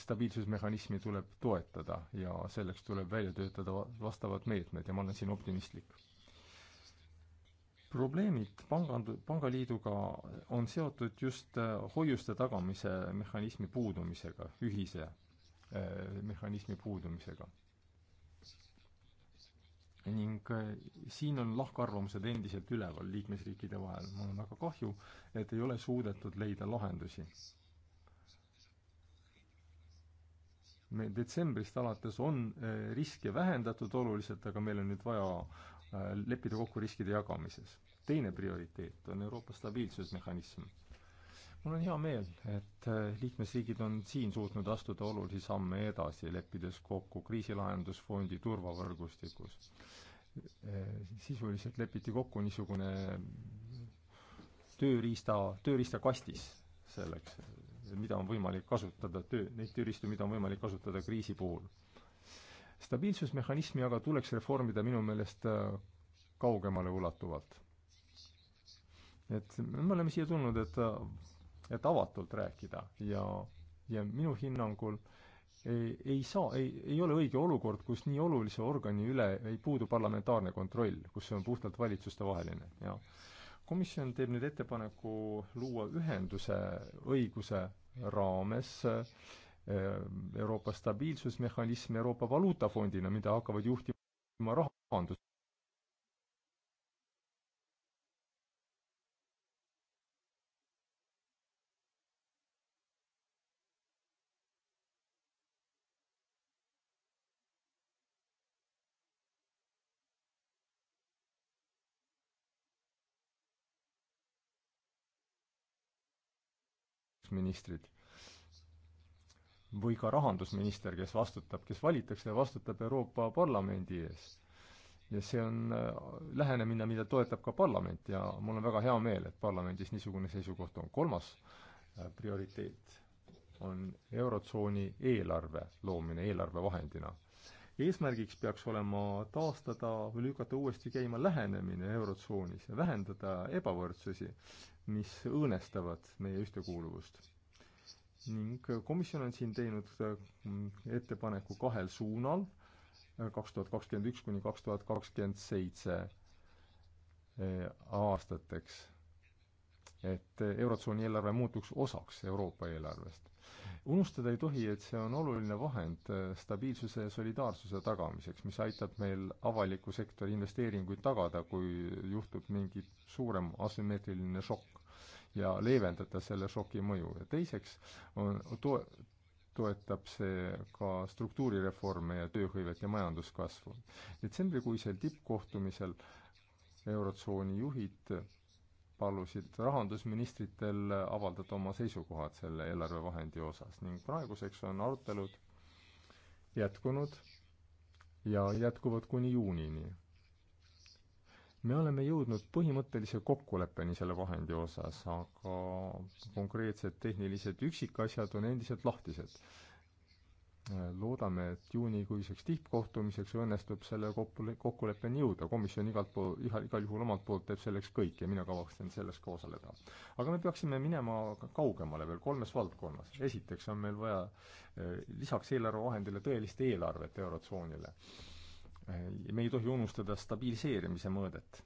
stabiilsusmehhanismi tuleb toetada ja selleks tuleb välja töötada vastavad meetmed ja ma olen siin optimistlik. probleemid pangand-, pangaliiduga on seotud just eh, hoiuste tagamise mehhanismi puudumisega, ühise eh, mehhanismi puudumisega. ning siin on lahkarvamused endiselt üleval liikmesriikide vahel, mul on väga kahju, et ei ole suudetud leida lahendusi me detsembrist alates on äh, riske vähendatud oluliselt, aga meil on nüüd vaja äh, leppida kokku riskide jagamises. teine prioriteet on Euroopa stabiilsusmehhanism. mul on hea meel, et äh, liikmesriigid on siin suutnud astuda olulisi samme edasi, leppides kokku kriisilahendusfondi turvavõrgustikus. sisuliselt lepiti kokku niisugune tööriista, tööriistakastis selleks mida on võimalik kasutada töö, neid tööriistu, mida on võimalik kasutada kriisi puhul. stabiilsusmehhanismi aga tuleks reformida minu meelest äh, kaugemale ulatuvalt. et me oleme siia tulnud, et, äh, et avatult rääkida ja, ja minu hinnangul ei, ei saa, ei, ei ole õige olukord, kus nii olulise organi üle ei puudu parlamentaarne kontroll, kus see on puhtalt valitsustevaheline ja komisjon teeb nüüd ettepaneku luua ühenduse õiguse raames eh, Euroopa stabiilsusmehhanism Euroopa Valuutafondina, mida hakkavad juhtima rahandus- ministrid või ka rahandusminister, kes vastutab, kes valitakse ja vastutab Euroopa Parlamendi ees. ja see on äh, lähenemine, mida toetab ka parlament ja mul on väga hea meel, et parlamendis niisugune seisukoht on. kolmas äh, prioriteet on Eurotsooni eelarve loomine eelarvevahendina eesmärgiks peaks olema taastada või lükata uuesti käima lähenemine Eurotsoonis ja vähendada ebavõrdsusi, mis õõnestavad meie ühtekuuluvust. ning komisjon on siin teinud äh, ettepaneku kahel suunal, äh, kaks tuhat kakskümmend üks kuni kaks tuhat kakskümmend seitse äh, aastateks. et Eurotsooni eelarve muutuks osaks Euroopa eelarvest unustada ei tohi, et see on oluline vahend äh, stabiilsuse ja solidaarsuse tagamiseks, mis aitab meil avaliku sektori investeeringuid tagada, kui juhtub mingi suurem asümmeetriline šokk ja leevendada selle šoki mõju. ja teiseks on to-, toetab see ka struktuurireforme ja tööhõivet ja majanduskasvu. detsembrikuisel tippkohtumisel Eurotsooni juhid palusid rahandusministritel avaldada oma seisukohad selle eelarvevahendi osas ning praeguseks on arutelud jätkunud ja jätkuvad kuni juunini. me oleme jõudnud põhimõttelise kokkuleppeni selle vahendi osas, aga konkreetsed tehnilised üksikasjad on endiselt lahtised loodame, et juunikuiseks tippkohtumiseks õnnestub selle kokkule-, kokkuleppeni jõuda. komisjon igalt pool, iga, igal juhul omalt poolt teeb selleks kõik ja mina kavatsen selles ka osaleda. aga me peaksime minema ka kaugemale veel kolmes valdkonnas. esiteks on meil vaja eh, lisaks eelarvevahendile tõelist eelarvet Eurotsoonile. Eh, me ei tohi unustada stabiliseerimise mõõdet.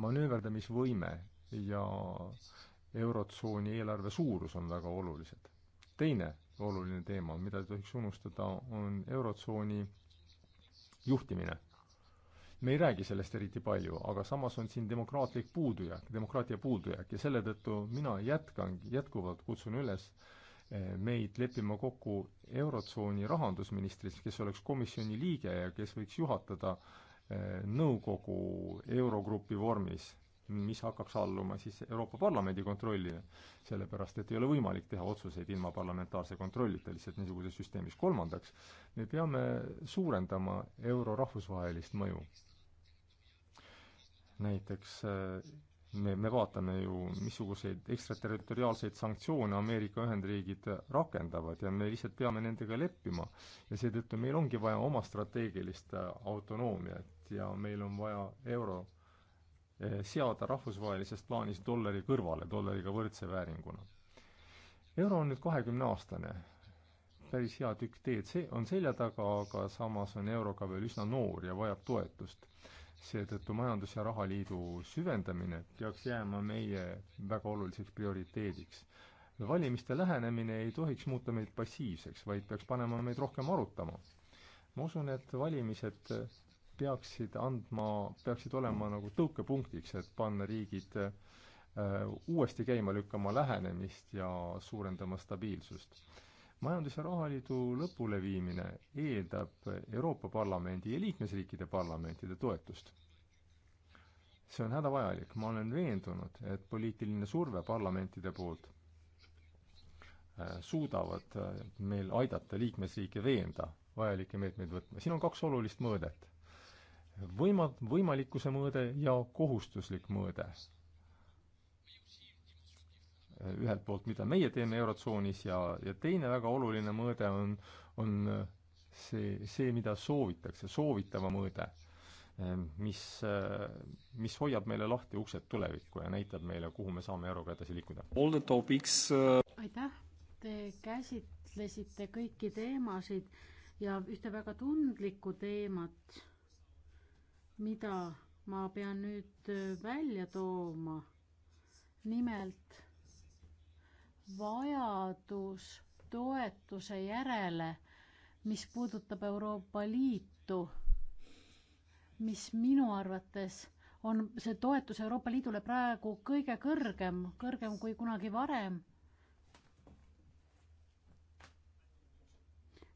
manööverdamisvõime ja Eurotsooni eelarve suurus on väga olulised teine oluline teema, mida ei tohiks unustada, on Eurotsooni juhtimine. me ei räägi sellest eriti palju, aga samas on siin demokraatlik puudujääk, demokraatia puudujääk ja selle tõttu mina jätkan, jätkuvalt kutsun üles eh, meid leppima kokku Eurotsooni rahandusministris, kes oleks komisjoni liige ja kes võiks juhatada eh, nõukogu Eurogrupi vormis mis hakkaks alluma siis Euroopa Parlamendi kontrollile, sellepärast et ei ole võimalik teha otsuseid ilma parlamentaarse kontrollita lihtsalt niisuguses süsteemis. kolmandaks, me peame suurendama euro rahvusvahelist mõju. näiteks äh, me, me vaatame ju, missuguseid ekstraterritoriaalseid sanktsioone Ameerika Ühendriigid rakendavad ja me lihtsalt peame nendega leppima. ja seetõttu meil ongi vaja oma strateegilist äh, autonoomiat ja meil on vaja euro Eh, seada rahvusvahelises plaanis dollari kõrvale, dollariga võrdse vääringuna. euro on nüüd kahekümneaastane, päris hea tükk teed see on selja taga, aga samas on euro ka veel üsna noor ja vajab toetust. seetõttu Majandus- ja Rahaliidu süvendamine peaks jääma meie väga oluliseks prioriteediks. valimiste lähenemine ei tohiks muuta meid passiivseks, vaid peaks panema meid rohkem arutama. ma usun, et valimised peaksid andma, peaksid olema nagu tõukepunktiks, et panna riigid äh, uuesti käima lükkama lähenemist ja suurendama stabiilsust. majandus- ja rahaliidu lõpuleviimine eeldab Euroopa Parlamendi ja liikmesriikide parlamentide toetust. see on hädavajalik, ma olen veendunud, et poliitiline surve parlamentide poolt äh, suudavad äh, meil aidata liikmesriike veenda vajalikke meetmeid võtma. siin on kaks olulist mõõdet võima-, võimalikkuse mõõde ja kohustuslik mõõde. ühelt poolt, mida meie teeme Eurotsoonis ja, ja teine väga oluline mõõde on, on see, see, mida soovitakse, soovitava mõõde, mis, mis hoiab meile lahti uksed tulevikku ja näitab meile, kuhu me saame euroga edasi liikuda. Äh, aitäh, te käsitlesite kõiki teemasid ja ühte väga tundlikku teemat mida ma pean nüüd äh, välja tooma. nimelt vajadus toetuse järele, mis puudutab Euroopa Liitu, mis minu arvates on see toetus Euroopa Liidule praegu kõige kõrgem, kõrgem kui kunagi varem.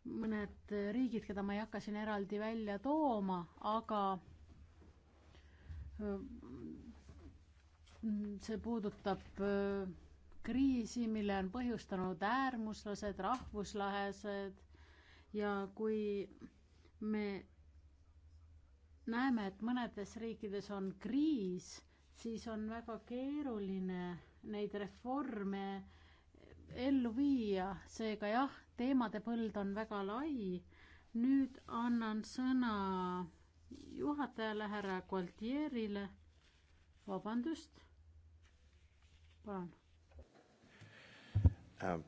mõned riigid, keda ma ei hakka siin eraldi välja tooma, aga see puudutab äh, kriisi, mille on põhjustanud äärmuslased, rahvuslahesed ja kui me näeme, et mõnedes riikides on kriis, siis on väga keeruline neid reforme ellu viia, seega jah, teemade põld on väga lai. nüüd annan sõna juhatajale, härra Gualtierile. vabandust. palun um,.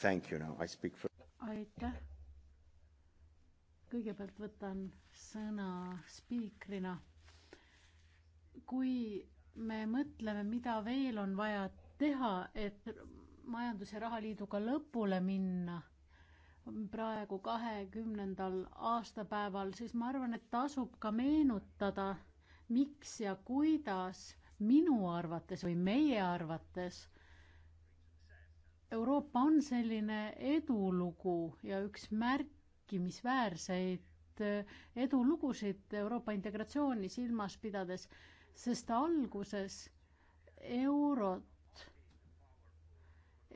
Thank you, no I speak for. aitäh. kõigepealt võtan sõna spiikrina. kui me mõtleme, mida veel on vaja teha, et majandus- ja rahaliiduga lõpule minna praegu kahekümnendal aastapäeval, siis ma arvan, et tasub ka meenutada, miks ja kuidas minu arvates või meie arvates Euroopa on selline edulugu ja üks märkimisväärseid eh, edulugusid Euroopa integratsiooni silmas pidades, sest alguses eurot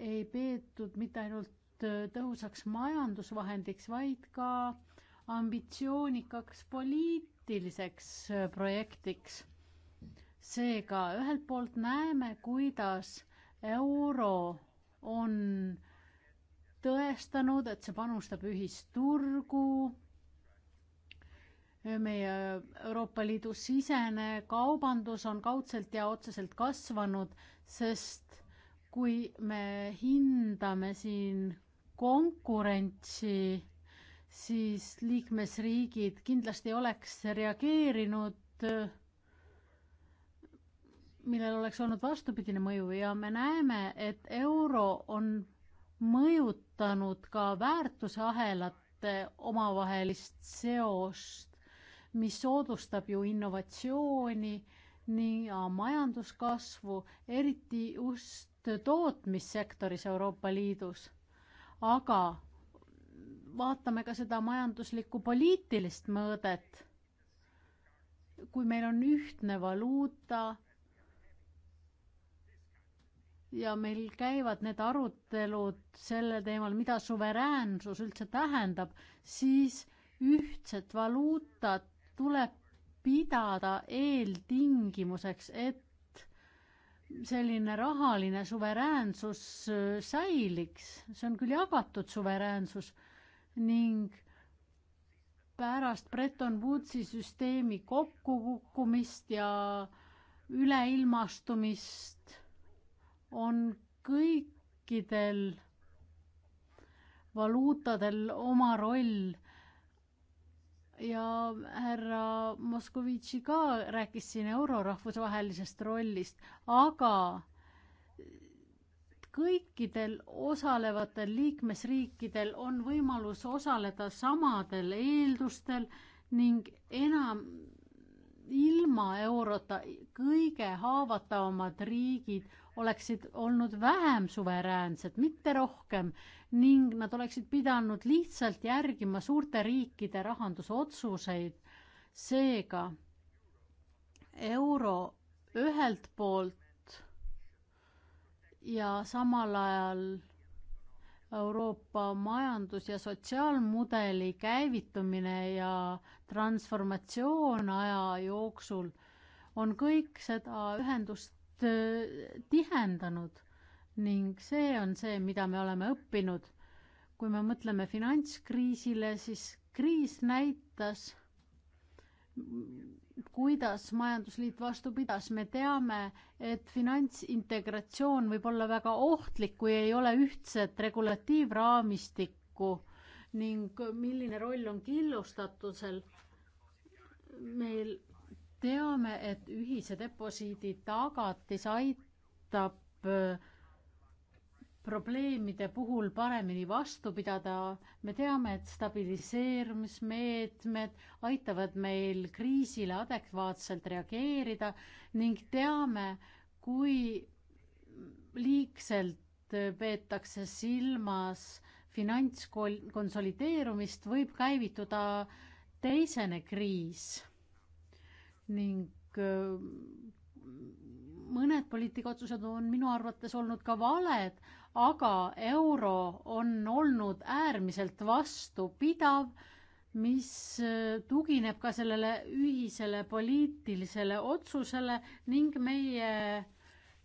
ei peetud mitte ainult ainult tõhusaks majandusvahendiks, vaid ka ambitsioonikaks poliitiliseks äh, projektiks. seega ühelt poolt näeme, kuidas euro on tõestanud, et see panustab ühisturgu, meie Euroopa Liidu sisene kaubandus on kaudselt ja otseselt kasvanud, sest kui me hindame siin konkurentsi, siis liikmesriigid kindlasti oleks reageerinud, millel oleks olnud vastupidine mõju ja me näeme, et euro on mõjutanud ka väärtusahelate omavahelist seost, mis soodustab ju innovatsiooni nii ja majanduskasvu, eriti just tootmissektoris Euroopa Liidus aga vaatame ka seda majanduslikku poliitilist mõõdet. kui meil on ühtne valuuta ja meil käivad need arutelud sellel teemal, mida suveräänsus üldse tähendab, siis ühtset valuutat tuleb pidada eeltingimuseks, et selline rahaline suveräänsus äh, säiliks, see on küll jagatud suveräänsus ning pärast Bretton Woodsi süsteemi kokkukukkumist ja üleilmastumist on kõikidel valuutadel oma roll ja härra Moskovitši ka rääkis siin euro rahvusvahelisest rollist, aga kõikidel osalevatel liikmesriikidel on võimalus osaleda samadel eeldustel ning enam ilma eurota kõige haavatavamad riigid oleksid olnud vähem suveräänsed, mitte rohkem ning nad oleksid pidanud lihtsalt järgima suurte riikide rahandusotsuseid. seega euro ühelt poolt ja samal ajal Euroopa majandus- ja sotsiaalmudeli käivitumine ja transformatsioon aja jooksul on kõik seda ühendust äh, tihendanud ning see on see, mida me oleme õppinud. kui me mõtleme finantskriisile, siis kriis näitas, kuidas majandusliit vastu pidas, me teame, et finantsintegratsioon võib olla väga ohtlik, kui ei ole ühtset regulatiivraamistikku ning milline roll on killustatusel. meil teame, et ühise deposiidi tagatis aitab probleemide puhul paremini vastu pidada. me teame, et stabiliseerumismeetmed aitavad meil kriisile adekvaatselt reageerida ning teame, kui liigselt peetakse silmas finantskonsolideerumist, võib käivituda teisene kriis ning mõned poliitikaotsused on minu arvates olnud ka valed, aga euro on olnud äärmiselt vastupidav, mis äh, tugineb ka sellele ühisele poliitilisele otsusele ning meie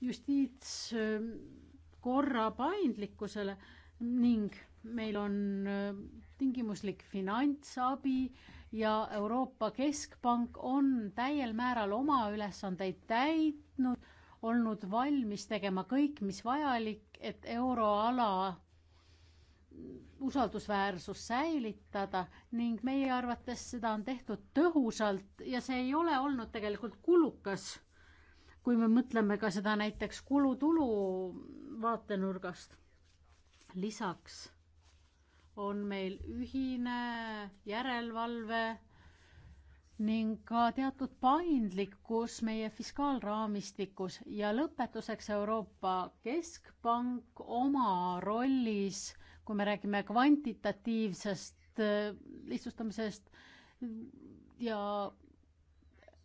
justiitskorra paindlikkusele ning meil on äh, tingimuslik finantsabi ja Euroopa Keskpank on täiel määral oma ülesandeid täitnud olnud valmis tegema kõik, mis vajalik, et euroala usaldusväärsus säilitada ning meie arvates seda on tehtud tõhusalt ja see ei ole olnud tegelikult kulukas, kui me mõtleme ka seda näiteks kulutulu vaatenurgast. lisaks on meil ühine järelevalve ning ka teatud paindlikkus meie fiskaalraamistikus ja lõpetuseks Euroopa Keskpank oma rollis, kui me räägime kvantitatiivsest äh, lihtsustamisest ja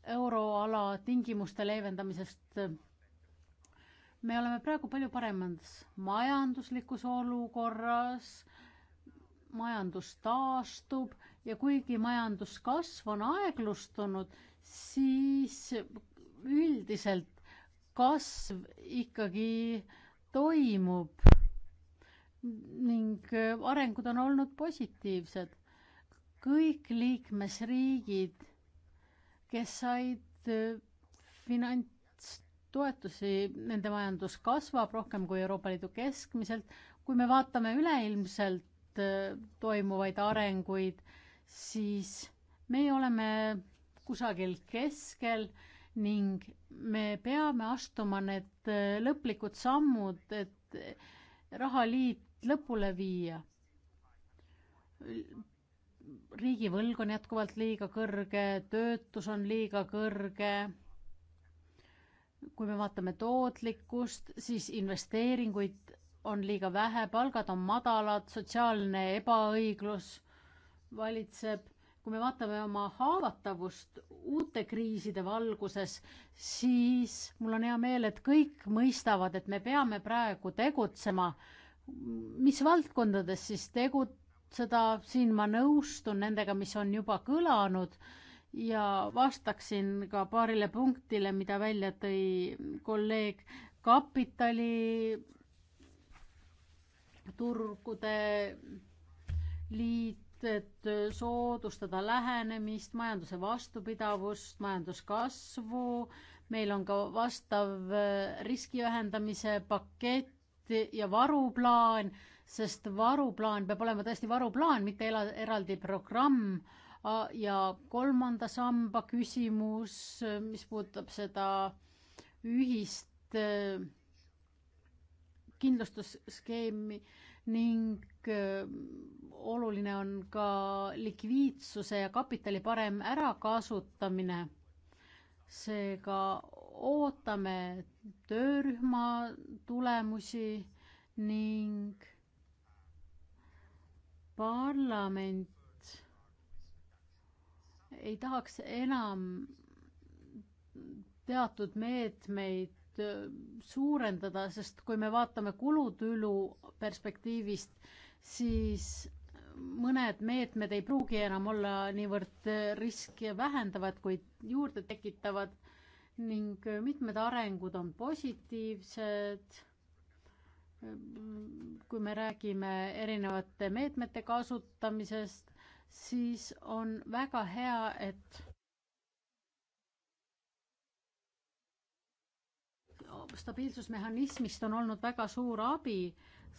euroala tingimuste leevendamisest. Äh, me oleme praegu palju paremas majanduslikus olukorras, majandus taastub ja kuigi majanduskasv on aeglustunud, siis üldiselt kasv ikkagi toimub ning arengud on olnud positiivsed. kõik liikmesriigid, kes said äh, finantstoetusi, nende majandus kasvab rohkem kui Euroopa Liidu keskmiselt. kui me vaatame üleilmselt äh, toimuvaid arenguid, siis meie oleme kusagil keskel ning me peame astuma need äh, lõplikud sammud, et äh, rahaliit lõpule viia. riigivõlg on jätkuvalt liiga kõrge, töötus on liiga kõrge. kui me vaatame tootlikkust, siis investeeringuid on liiga vähe, palgad on madalad, sotsiaalne ebaõiglus valitseb, kui me vaatame oma haavatavust uute kriiside valguses, siis mul on hea meel, et kõik mõistavad, et me peame praegu tegutsema. mis valdkondades siis tegutseda, siin ma nõustun nendega, mis on juba kõlanud ja vastaksin ka paarile punktile, mida välja tõi kolleeg kapitali turgude liit et soodustada lähenemist, majanduse vastupidavust, majanduskasvu, meil on ka vastav eh, riski vähendamise pakett ja varuplaan, sest varuplaan peab olema tõesti varuplaan, mitte ela-, eraldi programm ja kolmanda samba küsimus, mis puudutab seda ühist eh, kindlustusskeemi ning äh, oluline on ka likviidsuse ja kapitali parem ärakasutamine. seega ootame töörühma tulemusi ning parlament ei tahaks enam teatud meetmeid Äh, suurendada, sest kui me vaatame kulutülu perspektiivist, siis mõned meetmed ei pruugi enam olla niivõrd riski vähendavad, kuid juurde tekitavad ning mitmed arengud on positiivsed. kui me räägime erinevate meetmete kasutamisest, siis on väga hea, et stabiilsusmehhanismist on olnud väga suur abi,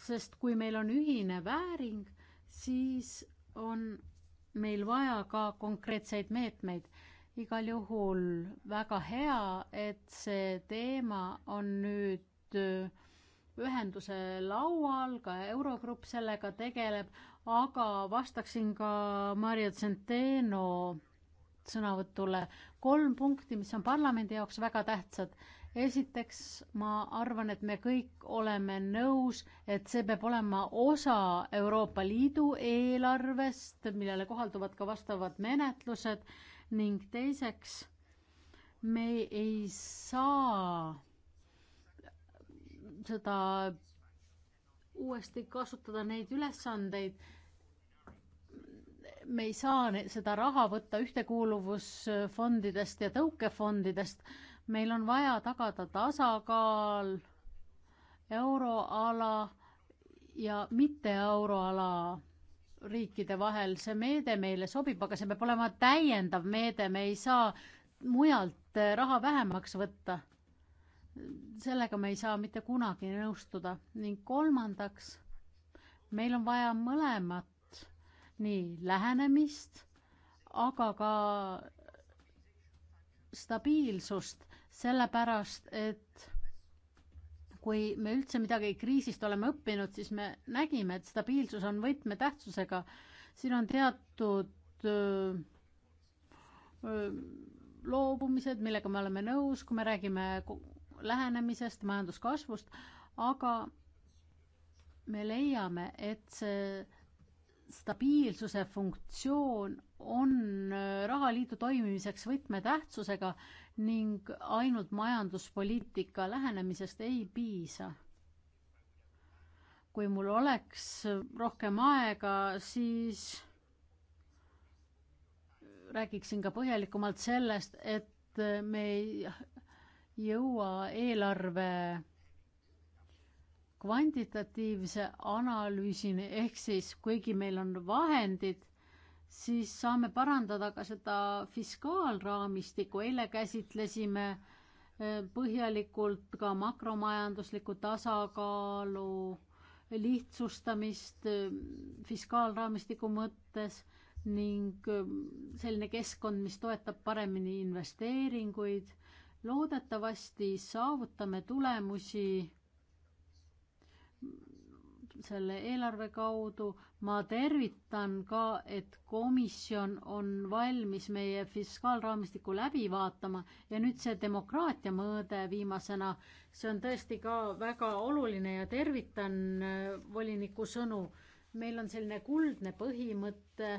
sest kui meil on ühine vääring, siis on meil vaja ka konkreetseid meetmeid. igal juhul väga hea, et see teema on nüüd äh, ühenduse laual, ka Eurogrupp sellega tegeleb, aga vastaksin ka Mario Centeno sõnavõtule. kolm punkti, mis on parlamendi jaoks väga tähtsad esiteks ma arvan, et me kõik oleme nõus, et see peab olema osa Euroopa Liidu eelarvest, millele kohalduvad ka vastavad menetlused ning teiseks me ei saa seda uuesti kasutada neid ülesandeid. me ei saa seda raha võtta ühtekuuluvusfondidest ja tõukefondidest meil on vaja tagada tasakaal euroala ja mitte euroala riikide vahel, see meede meile sobib, aga see peab olema täiendav meede, me ei saa mujalt eh, raha vähemaks võtta. sellega me ei saa mitte kunagi nõustuda ning kolmandaks, meil on vaja mõlemat, nii lähenemist, aga ka stabiilsust sellepärast et kui me üldse midagi kriisist oleme õppinud, siis me nägime, et stabiilsus on võtmetähtsusega. siin on teatud öö, öö, loobumised, millega me oleme nõus, kui me räägime lähenemisest, majanduskasvust, aga me leiame, et see stabiilsuse funktsioon on rahaliidu toimimiseks võtmetähtsusega ning ainult majanduspoliitika lähenemisest ei piisa. kui mul oleks rohkem aega, siis räägiksin ka põhjalikumalt sellest, et me ei jõua eelarve kvantitatiivse analüüsini, ehk siis kuigi meil on vahendid, siis saame parandada ka seda fiskaalraamistikku. eile käsitlesime eh, põhjalikult ka makromajanduslikku tasakaalu lihtsustamist eh, fiskaalraamistiku mõttes ning eh, selline keskkond, mis toetab paremini investeeringuid. loodetavasti saavutame tulemusi selle eelarve kaudu, ma tervitan ka, et komisjon on valmis meie fiskaalraamistikku läbi vaatama ja nüüd see demokraatia mõõde viimasena, see on tõesti ka väga oluline ja tervitan äh, voliniku sõnu. meil on selline kuldne põhimõte,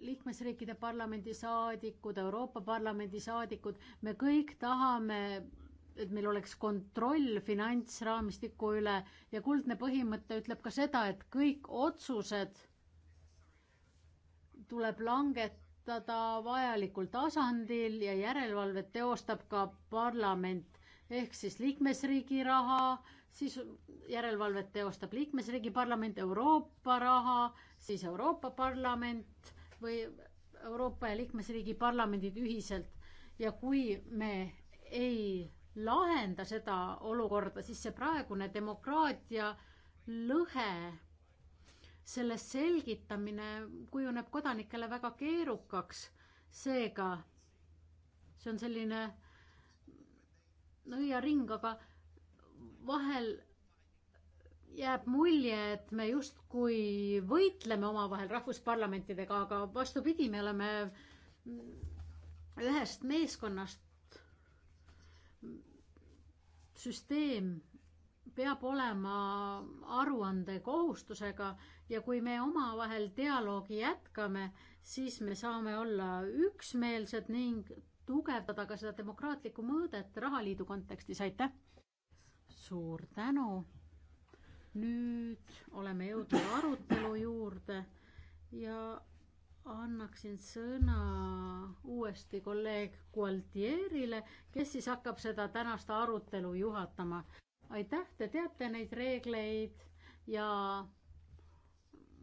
liikmesriikide parlamendi saadikud, Euroopa Parlamendi saadikud, me kõik tahame et meil oleks kontroll finantsraamistiku üle ja kuldne põhimõte ütleb ka seda, et kõik otsused tuleb langetada vajalikul tasandil ja järelevalvet teostab ka parlament ehk siis liikmesriigi raha, siis järelevalvet teostab liikmesriigi parlament, Euroopa raha, siis Euroopa Parlament või Euroopa ja liikmesriigi parlamendid ühiselt ja kui me ei lahenda seda olukorda, siis see praegune demokraatia lõhe, selle selgitamine kujuneb kodanikele väga keerukaks. seega see on selline nõiaring, aga vahel jääb mulje, et me justkui võitleme omavahel rahvusparlamentidega, aga vastupidi, me oleme ühest meeskonnast süsteem peab olema aruandekohustusega ja kui me omavahel dialoogi jätkame, siis me saame olla üksmeelsed ning tugevdada ka seda demokraatlikku mõõdet rahaliidu kontekstis, aitäh! suur tänu! nüüd oleme jõudnud arutelu juurde ja annaksin sõna uuesti kolleeg Gualtierile, kes siis hakkab seda tänast arutelu juhatama. aitäh, te teate neid reegleid ja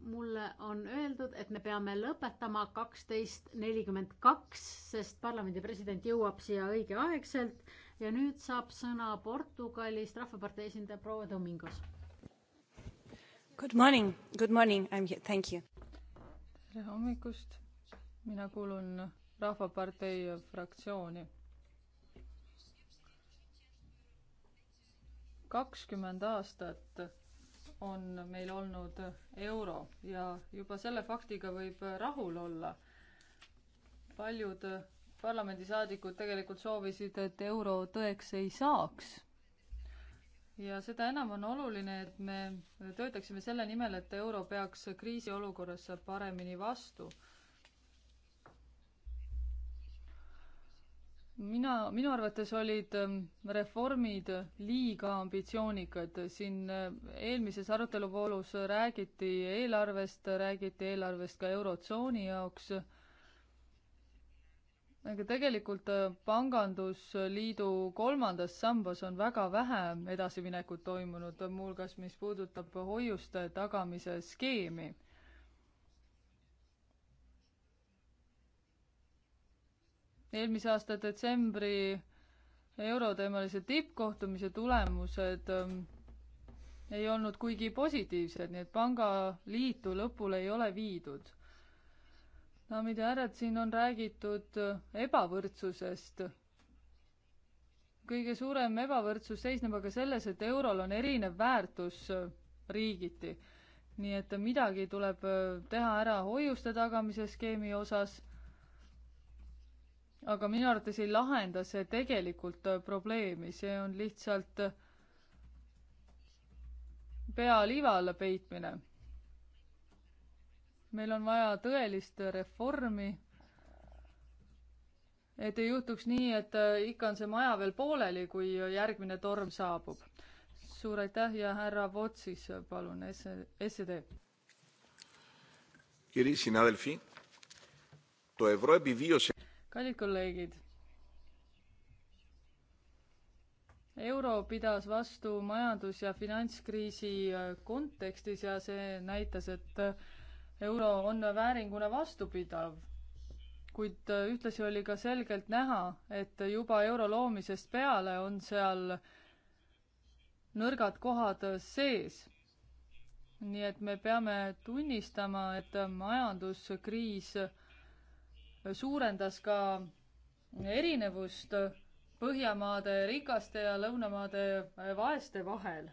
mulle on öeldud, et me peame lõpetama kaksteist nelikümmend kaks, sest parlamendi president jõuab siia õigeaegselt ja nüüd saab sõna Portugalist Rahvapartei esindaja proua Domingos. Good morning, good morning, I am here, thank you tere hommikust, mina kuulun Rahvapartei fraktsiooni. kakskümmend aastat on meil olnud euro ja juba selle faktiga võib rahul olla. paljud parlamendisaadikud tegelikult soovisid, et euro tõeks ei saaks ja seda enam on oluline, et me töötaksime selle nimel, et euro peaks kriisiolukorras paremini vastu. mina, minu arvates olid ähm, reformid liiga ambitsioonikad, siin äh, eelmises aruteluvoolus räägiti eelarvest, räägiti eelarvest ka Eurotsooni jaoks aga tegelikult äh, Pangandusliidu kolmandas sambas on väga vähe edasiminekut toimunud, muuhulgas mis puudutab hoiuste tagamise skeemi. eelmise aasta detsembri euroteemalise tippkohtumise tulemused ähm, ei olnud kuigi positiivsed, nii et pangaliitu lõpule ei ole viidud daamid ja härrad, siin on räägitud äh, ebavõrdsusest. kõige suurem ebavõrdsus seisneb aga selles, et eurol on erinev väärtus äh, riigiti. nii et midagi tuleb äh, teha ära hoiuste tagamise skeemi osas. aga minu arvates ei lahenda see tegelikult probleemi, see on lihtsalt pea liiva alla peitmine meil on vaja tõelist reformi. et ei juhtuks nii, et äh, ikka on see maja veel pooleli, kui järgmine torm saabub. suur aitäh ja härra Votsis, palun, SED. kallid kolleegid. euro pidas vastu majandus- ja finantskriisi äh, kontekstis ja see näitas, et äh, euro on vääringuna vastupidav, kuid äh, ühtlasi oli ka selgelt näha, et juba euro loomisest peale on seal nõrgad kohad sees. nii et me peame tunnistama, et majanduskriis suurendas ka erinevust Põhjamaade rikaste ja Lõunamaade vaeste vahel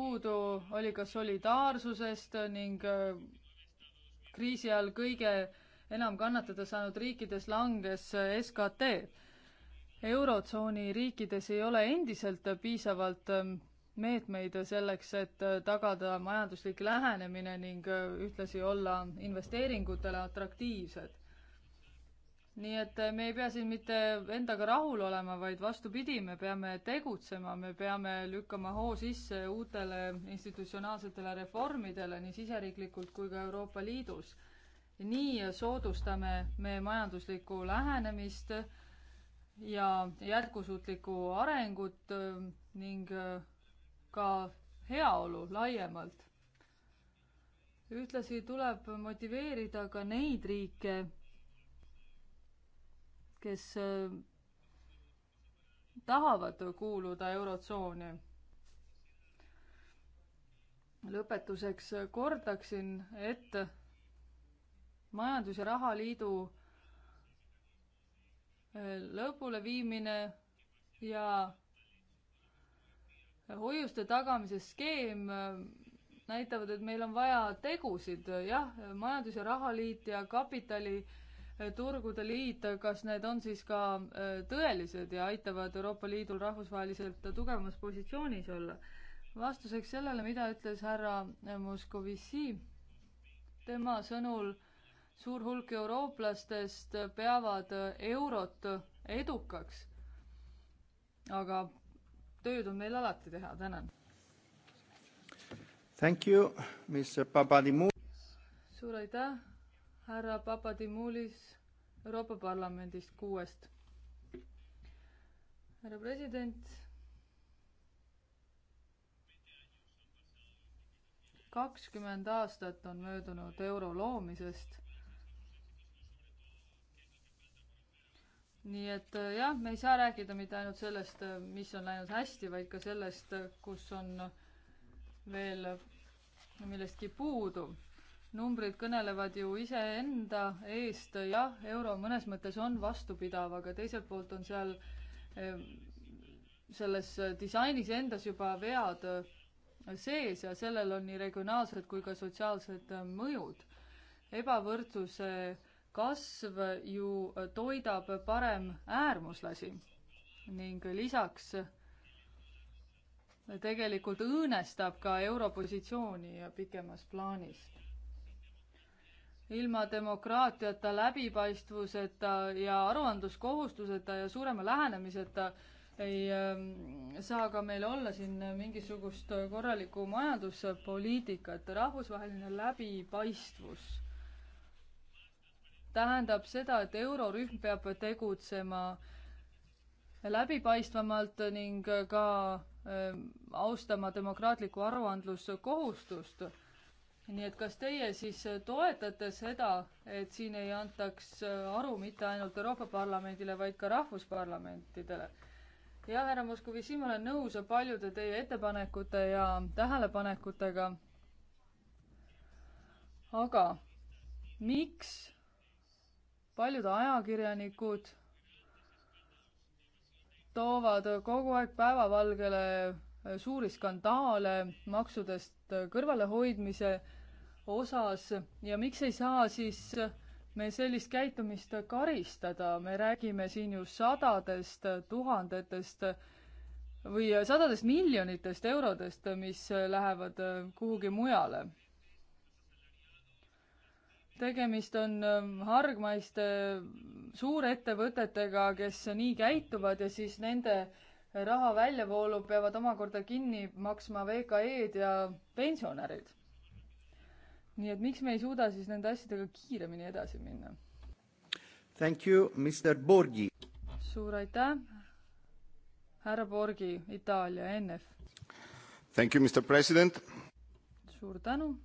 puudu oli ka solidaarsusest ning äh, kriisi ajal kõige enam kannatada saanud riikides langes äh, SKT. eurotsooni riikides ei ole endiselt piisavalt äh, meetmeid selleks, et tagada majanduslik lähenemine ning ühtlasi olla investeeringutele atraktiivsed nii et eh, me ei pea siin mitte endaga rahul olema, vaid vastupidi, me peame tegutsema, me peame lükkama hoo sisse uutele institutsionaalsetele reformidele nii siseriiklikult kui ka Euroopa Liidus. nii soodustame me majanduslikku lähenemist ja jätkusuutlikku arengut eh, ning eh, ka heaolu laiemalt. ühtlasi tuleb motiveerida ka neid riike, kes äh, tahavad kuuluda Eurotsooni. lõpetuseks kordaksin, et majandus- ja rahaliidu äh, lõpuleviimine ja hoiuste tagamise skeem äh, näitavad, et meil on vaja tegusid, jah, majandus- ja rahaliit ja kapitali turgude liit, kas need on siis ka äh, tõelised ja aitavad Euroopa Liidul rahvusvaheliselt tugevamas positsioonis olla? vastuseks sellele, mida ütles härra äh, Moskovitši, tema sõnul suur hulk eurooplastest peavad äh, eurot edukaks. aga tööd on meil alati teha, tänan. Thank you, Mr Papadimu-. suur aitäh härra Papadimulis Euroopa Parlamendist kuuest. härra president. kakskümmend aastat on möödunud euro loomisest. nii et äh, jah, me ei saa rääkida mitte ainult sellest, äh, mis on läinud hästi, vaid ka sellest, äh, kus on veel millestki puudu numbrid kõnelevad ju iseenda eest, jah, euro mõnes mõttes on vastupidav, aga teiselt poolt on seal eh, selles disainis endas juba vead eh, sees ja sellel on nii regionaalsed kui ka sotsiaalsed eh, mõjud. ebavõrdsuse kasv ju toidab parem äärmuslasi ning lisaks tegelikult õõnestab ka europositsiooni pikemas plaanis ilma demokraatiata, läbipaistvuseta ja aruandluskohustuseta ja suurema lähenemiseta ei ähm, saa ka meil olla siin mingisugust korralikku majanduspoliitikat. rahvusvaheline läbipaistvus tähendab seda, et eurorühm peab tegutsema läbipaistvamalt ning ka äh, austama demokraatlikku aruandluskohustust nii et kas teie siis toetate seda, et siin ei antaks äh, aru mitte ainult Euroopa Parlamendile, vaid ka rahvusparlamentidele? jah, härra Moskovi, siin ma olen nõus paljude teie ettepanekute ja tähelepanekutega. aga miks paljud ajakirjanikud toovad kogu aeg päevavalgele äh, suuri skandaale maksudest kõrvalehoidmise osas ja miks ei saa siis me sellist käitumist karistada, me räägime siin ju sadadest, tuhandetest või sadadest miljonitest eurodest, mis lähevad kuhugi mujale. tegemist on ähm, hargmaiste suurettevõtetega, kes nii käituvad ja siis nende raha väljavoolu peavad omakorda kinni maksma VKE-d ja pensionärid nii et miks me ei suuda siis nende asjadega kiiremini edasi minna? Thank you, Mr Borgi. suur aitäh, härra Borgi, Itaalia NF. Thank you, Mr President. suur tänu.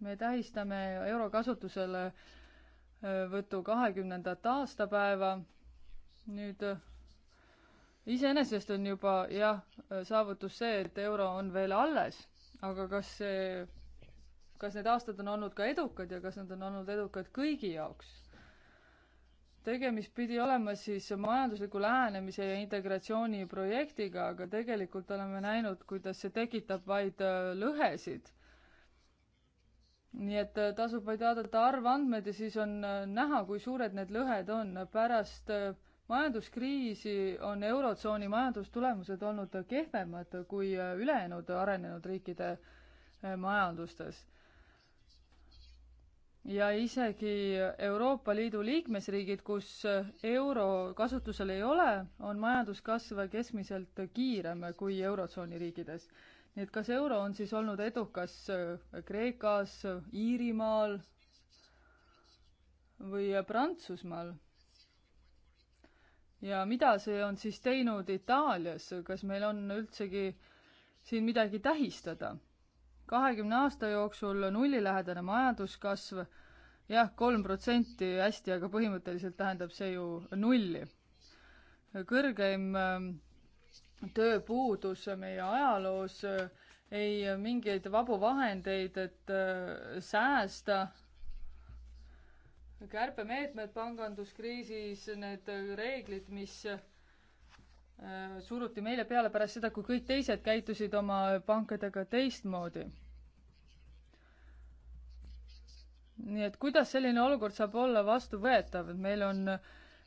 me tähistame euro kasutusele äh, võtu kahekümnendat aastapäeva. nüüd iseenesest on juba jah, saavutus see, et euro on veel alles, aga kas see, kas need aastad on olnud ka edukad ja kas nad on olnud edukad kõigi jaoks? tegemist pidi olema siis majandusliku lähenemise ja integratsiooni projektiga, aga tegelikult oleme näinud, kuidas see tekitab vaid äh, lõhesid. nii et äh, tasub vaid vaadata arvandmed ja siis on äh, näha, kui suured need lõhed on pärast äh, majanduskriisi on Eurotsooni majandustulemused olnud kehvemad kui ülejäänud arenenud riikide eh, majandustes. ja isegi Euroopa Liidu liikmesriigid, kus eh, euro kasutusel ei ole, on majanduskasv keskmiselt kiirem kui Eurotsooni riikides. nii et kas euro on siis olnud edukas eh, Kreekas, Iirimaal või Prantsusmaal? ja mida see on siis teinud Itaalias, kas meil on üldsegi siin midagi tähistada? kahekümne aasta jooksul nullilähedane majanduskasv, jah, kolm protsenti hästi, aga põhimõtteliselt tähendab see ju nulli. kõrgeim ähm, tööpuudus meie ajaloos, äh, ei mingeid vabu vahendeid, et äh, säästa kärpemeetmed panganduskriisis, need reeglid, mis äh, suruti meile peale pärast seda, kui kõik teised käitusid oma pankadega teistmoodi. nii et kuidas selline olukord saab olla vastuvõetav, et meil on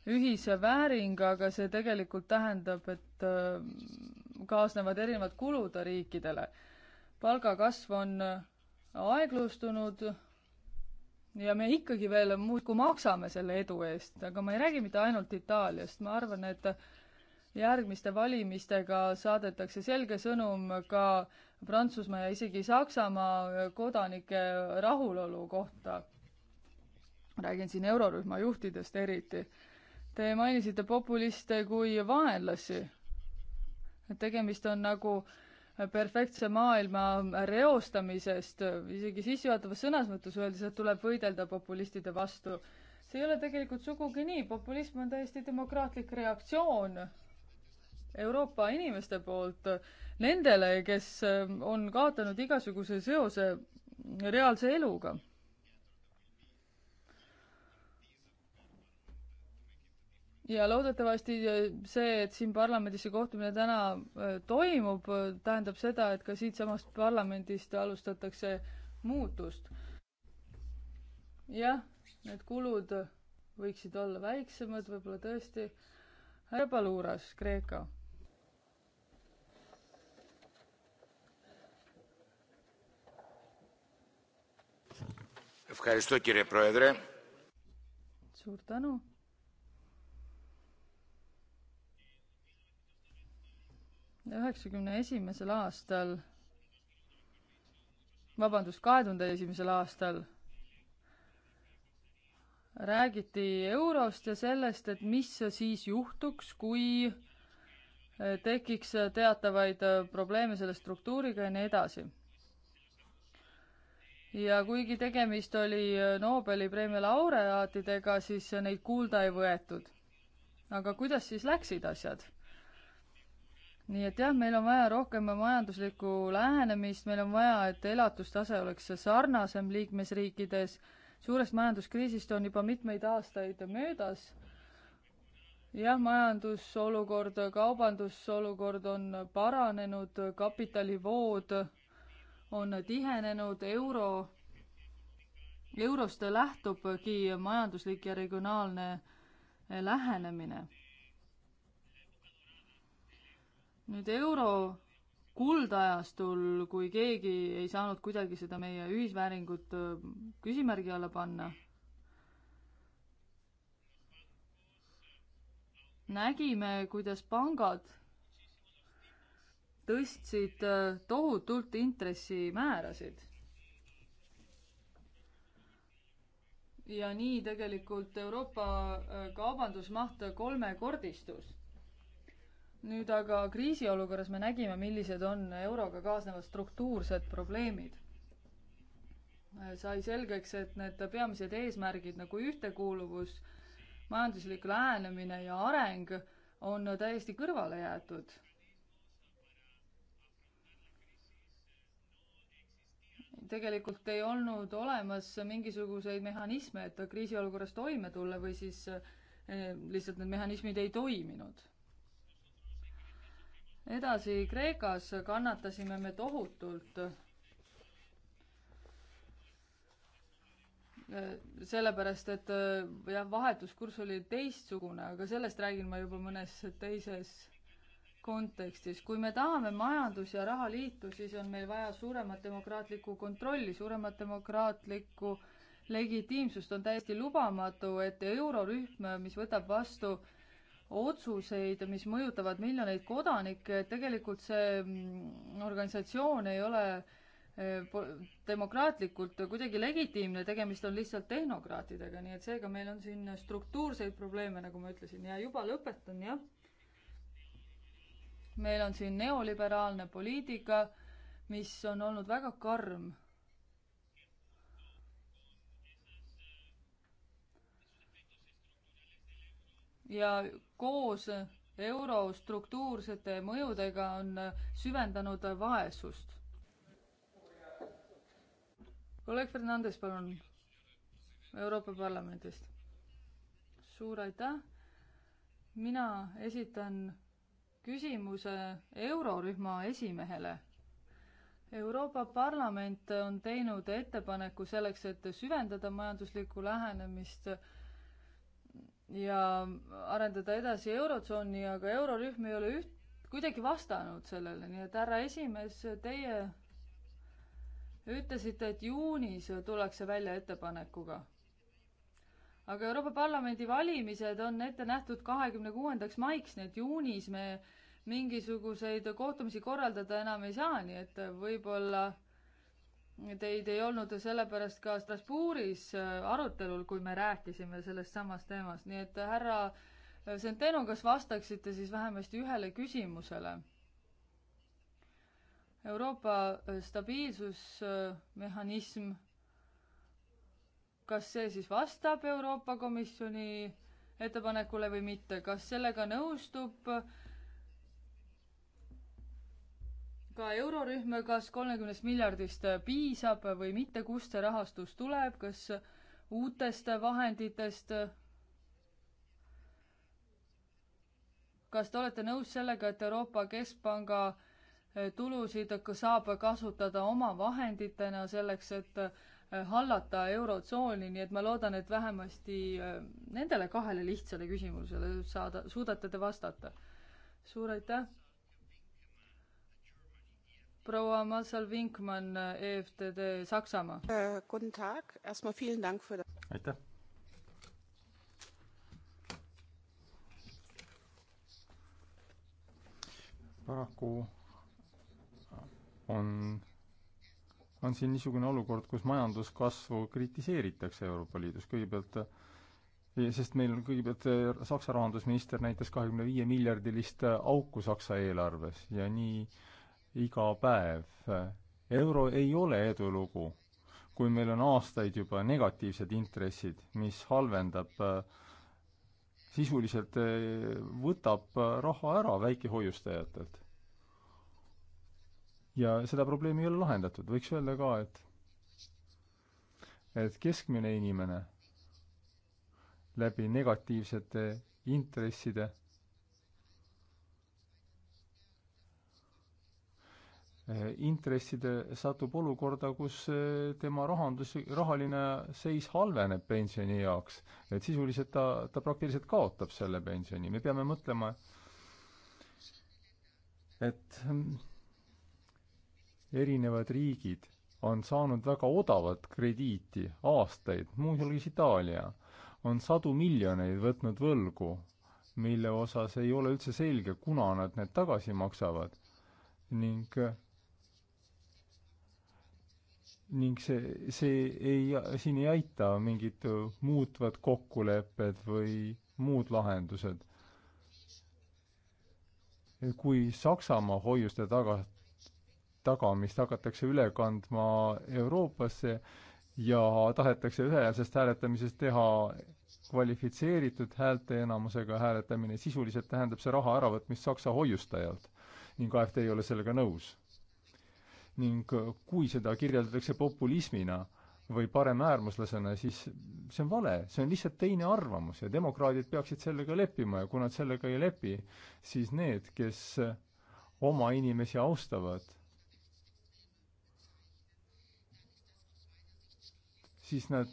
ühisvääring, aga see tegelikult tähendab, et äh, kaasnevad erinevad kulud riikidele. palgakasv on aeglustunud ja me ikkagi veel muudkui maksame selle edu eest, aga ma ei räägi mitte ainult Itaaliast, ma arvan, et järgmiste valimistega saadetakse selge sõnum ka Prantsusmaa ja isegi Saksamaa kodanike rahulolu kohta. räägin siin eurorühma juhtidest eriti. Te mainisite populiste kui vaenlasi. et tegemist on nagu äh, perfektse maailma reostamisest, isegi sissejuhatavas sõnasmõttes öeldes, et tuleb võidelda populistide vastu. see ei ole tegelikult sugugi nii, populism on täiesti demokraatlik reaktsioon Euroopa inimeste poolt nendele, kes eh, on kaotanud igasuguse seose reaalse eluga ja loodetavasti äh, see, et siin parlamendis see kohtumine täna äh, toimub, äh, tähendab seda, et ka siitsamast parlamendist alustatakse muutust. jah, need kulud võiksid olla väiksemad, võib-olla tõesti. härra Paluuras, Kreeka. suur tänu üheksakümne esimesel aastal, vabandust, kahe tuhande esimesel aastal räägiti eurost ja sellest, et mis siis juhtuks, kui tekiks teatavaid probleeme selle struktuuriga ja nii edasi. ja kuigi tegemist oli Nobeli preemia laureaatidega, siis neid kuulda ei võetud. aga kuidas siis läksid asjad? nii et jah, meil on vaja rohkem majanduslikku lähenemist, meil on vaja, et elatustase oleks sarnasem liikmesriikides. suurest majanduskriisist on juba mitmeid aastaid möödas. jah, majandusolukord, kaubandusolukord on paranenud, kapitalivood on tihenenud, euro, eurost lähtubki majanduslik ja regionaalne lähenemine nüüd euro kuldajastul, kui keegi ei saanud kuidagi seda meie ühisvääringut küsimärgi alla panna, nägime, kuidas pangad tõstsid tohutult intressimäärasid. ja nii tegelikult Euroopa kaubandusmaht kolmekordistus nüüd aga kriisiolukorras me nägime, millised on euroga kaasnevad struktuursed probleemid. sai selgeks, et need peamised eesmärgid nagu ühtekuuluvus, majanduslik lähenemine ja areng on täiesti kõrvale jäetud. tegelikult ei olnud olemas mingisuguseid mehhanisme, et kriisiolukorras toime tulla või siis eh, lihtsalt need mehhanismid ei toiminud edasi, Kreekas kannatasime me tohutult. sellepärast, et äh, jah, vahetuskurss oli teistsugune, aga sellest räägin ma juba mõnes teises kontekstis. kui me tahame majandus- ja rahaliitu, siis on meil vaja suuremat demokraatlikku kontrolli, suuremat demokraatlikku legitiimsust. on täiesti lubamatu, et eurorühm, mis võtab vastu otsuseid, mis mõjutavad miljoneid kodanikke, et tegelikult see mm, organisatsioon ei ole eh, demokraatlikult kuidagi legitiimne, tegemist on lihtsalt tehnokraatidega, nii et seega meil on siin struktuurseid probleeme, nagu ma ütlesin, ja juba lõpetan, jah. meil on siin neoliberaalne poliitika, mis on olnud väga karm ja koos euro struktuursete mõjudega on süvendanud vaesust. kolleeg Fernandes, palun, Euroopa Parlamendist. suur aitäh. mina esitan küsimuse eurorühma esimehele. Euroopa Parlament on teinud ettepaneku selleks, et süvendada majanduslikku lähenemist ja arendada edasi Eurotsooni, aga eurorühm ei ole üht, kuidagi vastanud sellele, nii et härra esimees, teie ütlesite, et juunis tullakse välja ettepanekuga. aga Euroopa Parlamendi valimised on ette nähtud kahekümne kuuendaks maiks, nii et juunis me mingisuguseid kohtumisi korraldada enam ei saa, nii et võib-olla Teid ei olnud sellepärast ka Strasbourgis äh, arutelul, kui me rääkisime sellest samast teemast, nii et härra äh, Centeno, kas vastaksite siis vähemasti ühele küsimusele? Euroopa äh, stabiilsusmehhanism, kas see siis vastab Euroopa Komisjoni ettepanekule või mitte, kas sellega nõustub äh, ka eurorühm, kas kolmekümnest miljardist piisab või mitte, kust see rahastus tuleb, kas uutest vahenditest? kas te olete nõus sellega, et Euroopa Keskpanga tulusid saab kasutada oma vahenditena selleks, et äh, hallata Eurotsooni, nii et ma loodan, et vähemasti äh, nendele kahele lihtsale küsimusele saada, suudate te vastata. suur aitäh! proua Massal-Winkmann, EFTD Saksamaa. Äh, aitäh. paraku on, on siin niisugune olukord, kus majanduskasvu kritiseeritakse Euroopa Liidus, kõigepealt sest meil on kõigepealt äh, Saksa rahandusminister näitas kahekümne viie miljardilist auku Saksa eelarves ja nii äh, iga päev. euro ei ole edulugu, kui meil on aastaid juba negatiivsed intressid, mis halvendab sisuliselt võtab raha ära väikehoiustajatelt. ja seda probleemi ei ole lahendatud, võiks öelda ka, et et keskmine inimene läbi negatiivsete intresside Äh, intresside, satub olukorda, kus äh, tema rahandus, rahaline seis halveneb pensioni jaoks. et sisuliselt ta, ta praktiliselt kaotab selle pensioni. me peame mõtlema, et hm, erinevad riigid on saanud väga odavat krediiti aastaid, muuhulgas Itaalia, on sadu miljoneid võtnud võlgu, mille osas ei ole üldse selge, kuna nad need tagasi maksavad ning ning see, see ei, siin ei aita mingid muutvad kokkulepped või muud lahendused. kui Saksamaa hoiuste taga, tagamist hakatakse üle kandma Euroopasse ja tahetakse ühehäälsest hääletamisest teha kvalifitseeritud häälteenamusega hääletamine, sisuliselt tähendab see raha äravõtmist Saksa hoiustajalt ning AfD ei ole sellega nõus ning kui seda kirjeldatakse populismina või paremäärmuslasena, siis see on vale, see on lihtsalt teine arvamus ja demokraadid peaksid sellega leppima ja kui nad sellega ei lepi, siis need, kes oma inimesi austavad, siis nad,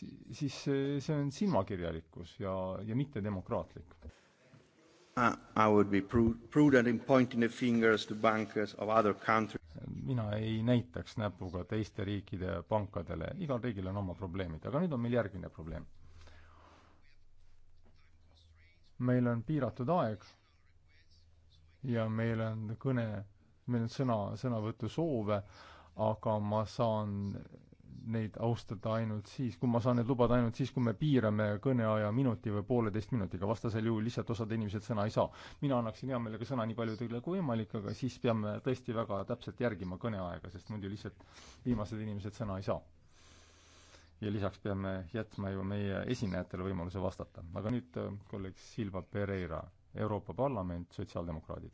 siis see on silmakirjalikkus ja, ja mitte demokraatlik. Uh, I would be prudent in pointing the fingers to bankers of other countries. mina ei näitaks näpuga teiste riikide pankadele, igal riigil on oma probleemid, aga nüüd on meil järgmine probleem. meil on piiratud aeg ja meil on kõne, meil on sõna, sõnavõtusoove, aga ma saan neid austada ainult siis, kui ma saan need lubada ainult siis, kui me piirame kõneaja minuti või pooleteist minutiga, vastasel juhul lihtsalt osad inimesed sõna ei saa. mina annaksin hea meelega sõna nii paljudele kui võimalik, aga siis peame tõesti väga täpselt järgima kõneaega, sest muidu lihtsalt viimased inimesed sõna ei saa. ja lisaks peame jätma ju meie esinejatele võimaluse vastata. aga nüüd äh, kolleeg Silva Pereira, Euroopa Parlament, sotsiaaldemokraadid.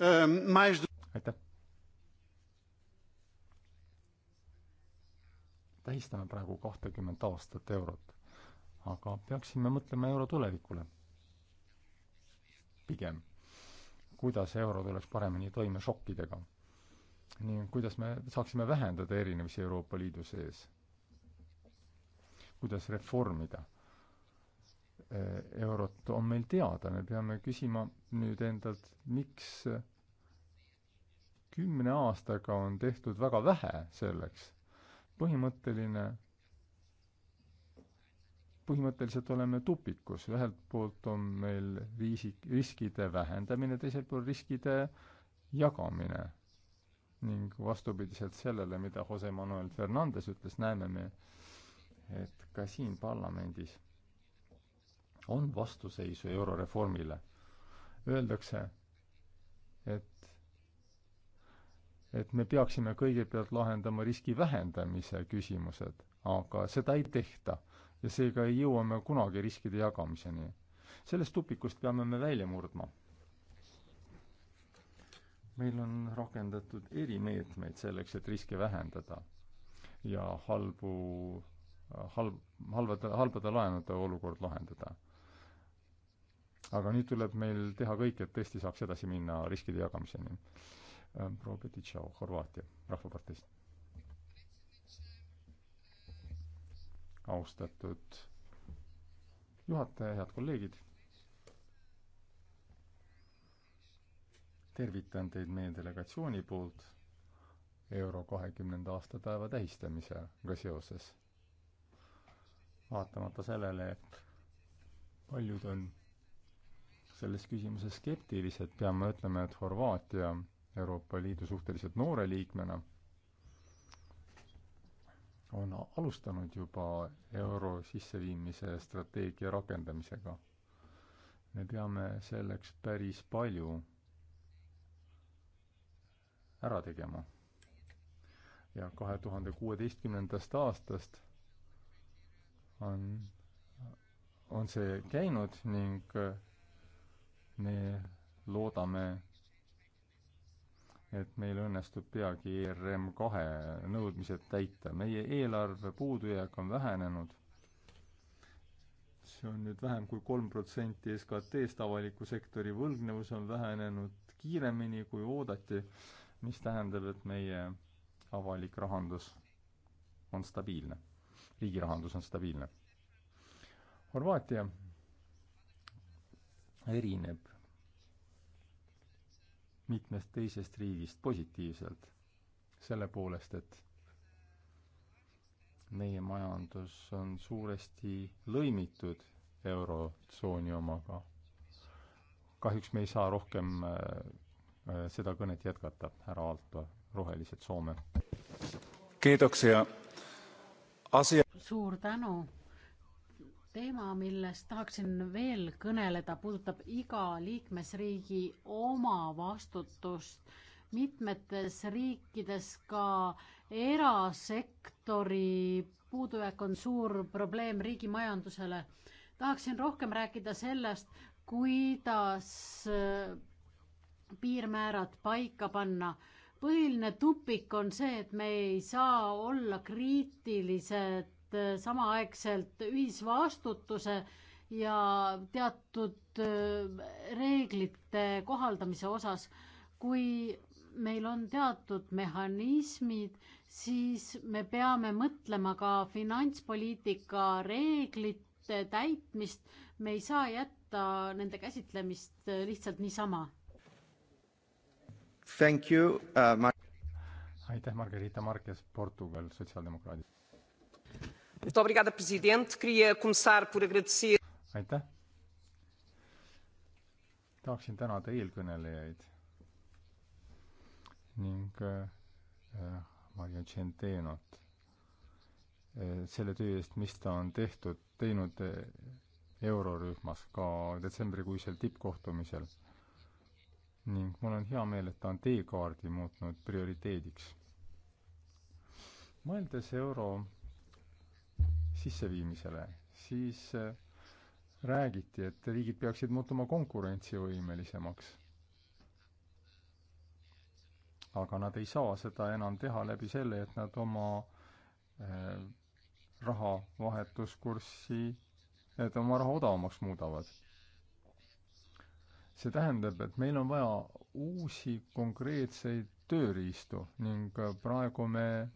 Äh, aitäh tähistame praegu kahtekümmet aastat eurot. aga peaksime mõtlema euro tulevikule. pigem. kuidas euro tuleks paremini toime šokkidega. nii, kuidas me saaksime vähendada erinevusi Euroopa Liidu sees. kuidas reformida eh, eurot, on meil teada, me peame küsima nüüd endalt, miks kümne aastaga on tehtud väga vähe selleks põhimõtteline, põhimõtteliselt oleme tupikus, ühelt poolt on meil riisi, riskide vähendamine, teiselt poolt riskide jagamine. ning vastupidiselt sellele, mida Jose Manuel Fernandez ütles, näeme me, et ka siin parlamendis on vastuseisu euroreformile. Öeldakse, et et me peaksime kõigepealt lahendama riski vähendamise küsimused, aga seda ei tehta. ja seega ei jõua me kunagi riskide jagamiseni. sellest tupikust peame me välja murdma. meil on rakendatud erimeetmeid selleks, et riske vähendada ja halbu, halb, halbade, halbade laenude olukord lahendada. aga nüüd tuleb meil teha kõik, et tõesti saaks edasi minna riskide jagamiseni proua ähm, Petitšau Horvaatia Rahvaparteist. austatud juhataja, head kolleegid. tervitan teid meie delegatsiooni poolt euro kahekümnenda aastapäeva tähistamisega seoses. vaatamata sellele, et paljud on selles küsimuses skeptilised, peame ütlema, et Horvaatia Euroopa Liidu suhteliselt noore liikmena, on alustanud juba euro sisseviimise strateegia rakendamisega. me peame selleks päris palju ära tegema. ja kahe tuhande kuueteistkümnendast aastast on, on see käinud ning me loodame et meil õnnestub peagi ERM kahe nõudmised täita. meie eelarve puudujääk on vähenenud, see on nüüd vähem kui kolm protsenti SKT-st, avaliku sektori võlgnevus on vähenenud kiiremini, kui oodati, mis tähendab, et meie avalik rahandus on stabiilne. riigi rahandus on stabiilne. Horvaatia erineb mitmest teisest riigist positiivselt selle poolest, et meie majandus on suuresti lõimitud eurotsooni omaga. kahjuks me ei saa rohkem äh, äh, seda kõnet jätkata, härra Aalto, Rohelised Soome. kiitoksia. suur tänu teema, millest tahaksin veel kõneleda, puudutab iga liikmesriigi oma vastutust. mitmetes riikides ka erasektori puudujääk on suur probleem riigi majandusele. tahaksin rohkem rääkida sellest, kuidas äh, piirmäärad paika panna. põhiline tupik on see, et me ei saa olla kriitilised et äh, samaaegselt ühisvastutuse ja teatud äh, reeglite kohaldamise osas, kui meil on teatud mehhanismid, siis me peame mõtlema ka finantspoliitika reeglite täitmist. me ei saa jätta nende käsitlemist äh, lihtsalt niisama. Thank you uh,. Mar- aitäh, Margarita Marques, Portugal, sotsiaaldemokraadid aitäh. tahaksin tänada eelkõnelejaid ning äh, Maria Centenot äh, selle töö eest, mis ta on tehtud, teinud äh, eurorühmas ka detsembrikuisel tippkohtumisel. ning mul on hea meel, et ta on teekaardi muutnud prioriteediks. mõeldes euro sisseviimisele, siis äh, räägiti, et riigid peaksid muutuma konkurentsivõimelisemaks. aga nad ei saa seda enam teha läbi selle, et nad oma äh, raha vahetuskurssi, et oma raha odavamaks muudavad. see tähendab, et meil on vaja uusi konkreetseid tööriistu ning äh, praegu me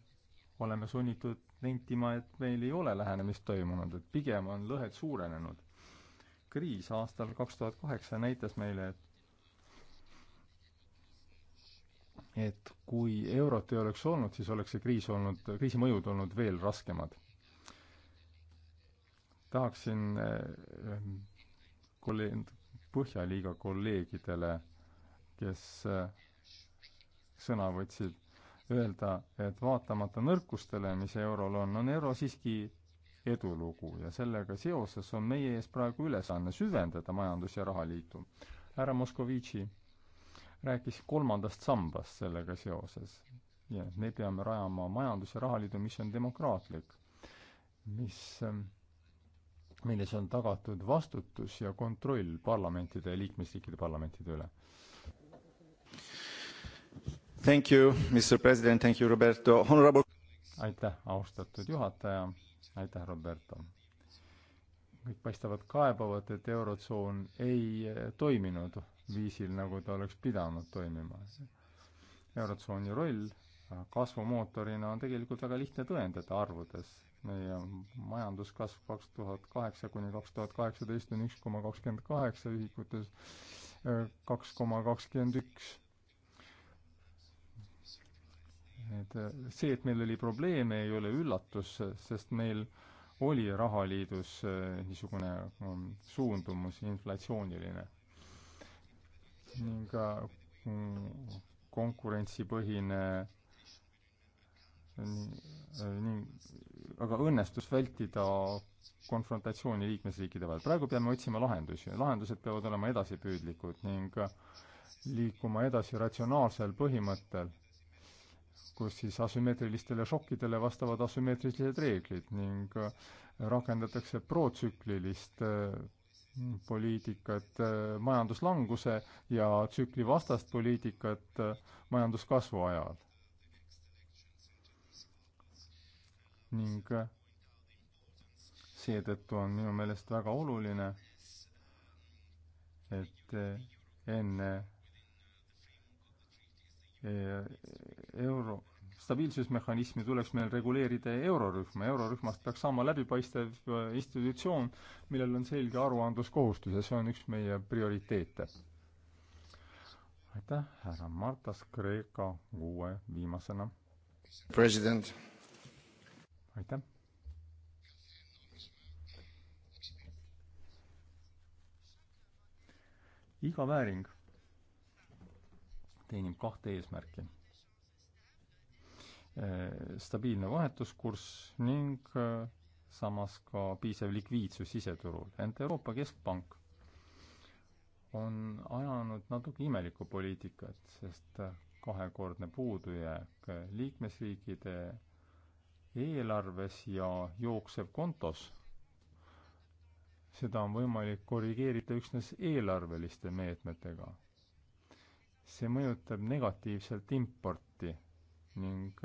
oleme sunnitud nentima, et meil ei ole lähenemist toimunud, et pigem on lõhed suurenenud. kriis aastal kaks tuhat kaheksa näitas meile, et et kui eurot ei oleks olnud, siis oleks see kriis olnud, kriisi mõjud olnud veel raskemad. tahaksin äh, kolleeg, Põhjaliiga kolleegidele, kes äh, sõna võtsid, öelda, et vaatamata nõrkustele, mis eurol on, on euro siiski edulugu ja sellega seoses on meie ees praegu ülesanne süvendada majandus- ja rahaliitu. härra Moskovitši rääkis kolmandast sambast sellega seoses. ja me peame rajama majandus- ja rahaliidu, mis on demokraatlik, mis, milles on tagatud vastutus ja kontroll parlamentide ja liikmesriikide parlamentide üle. Thank you, Mr President, thank you, Roberto, honorable. aitäh, austatud juhataja, aitäh, Roberto. kõik paistavad kaebavat, et Eurotsoon ei eh, toiminud viisil, nagu ta oleks pidanud toimima. Eurotsooni roll kasvumootorina on tegelikult väga lihtne tõendada arvudes. meie majanduskasv kaks tuhat kaheksa kuni kaks tuhat kaheksateist on üks koma kakskümmend kaheksa ühikutes, eh, kaks koma kakskümmend üks et see, et meil oli probleeme, ei ole üllatus, sest meil oli rahaliidus äh, niisugune ähm, suundumus inflatsiooniline. ning mm, konkurentsipõhine äh, ning äh, aga õnnestus vältida konfrontatsiooni liikmesriikide vahel. praegu peame otsima lahendusi ja lahendused peavad olema edasipüüdlikud ning liikuma edasi ratsionaalsel põhimõttel kus siis asümmeetrilistele šokkidele vastavad asümmeetrilised reeglid ning äh, rakendatakse protsüklilist äh, poliitikat äh, majanduslanguse ja tsükli vastast poliitikat majanduskasvu ajal. ning seetõttu on minu meelest väga oluline, et enne euro, stabiilsusmehhanismi tuleks meil reguleerida eurorühma, eurorühmast peaks saama läbipaistev äh, institutsioon, millel on selge aruandluskohustus ja see on üks meie prioriteete. aitäh, härra Martas Kreeka uue viimasena. president. aitäh. iga vääring teenib kahte eesmärki. Äh, stabiilne vahetuskurss ning äh, samas ka piisav likviidsus siseturul, ent Euroopa Keskpank on ajanud natuke imelikku poliitikat, sest äh, kahekordne puudujääk liikmesriikide eelarves ja jooksev kontos seda on võimalik korrigeerida üksnes eelarveliste meetmetega, see mõjutab negatiivselt importi ning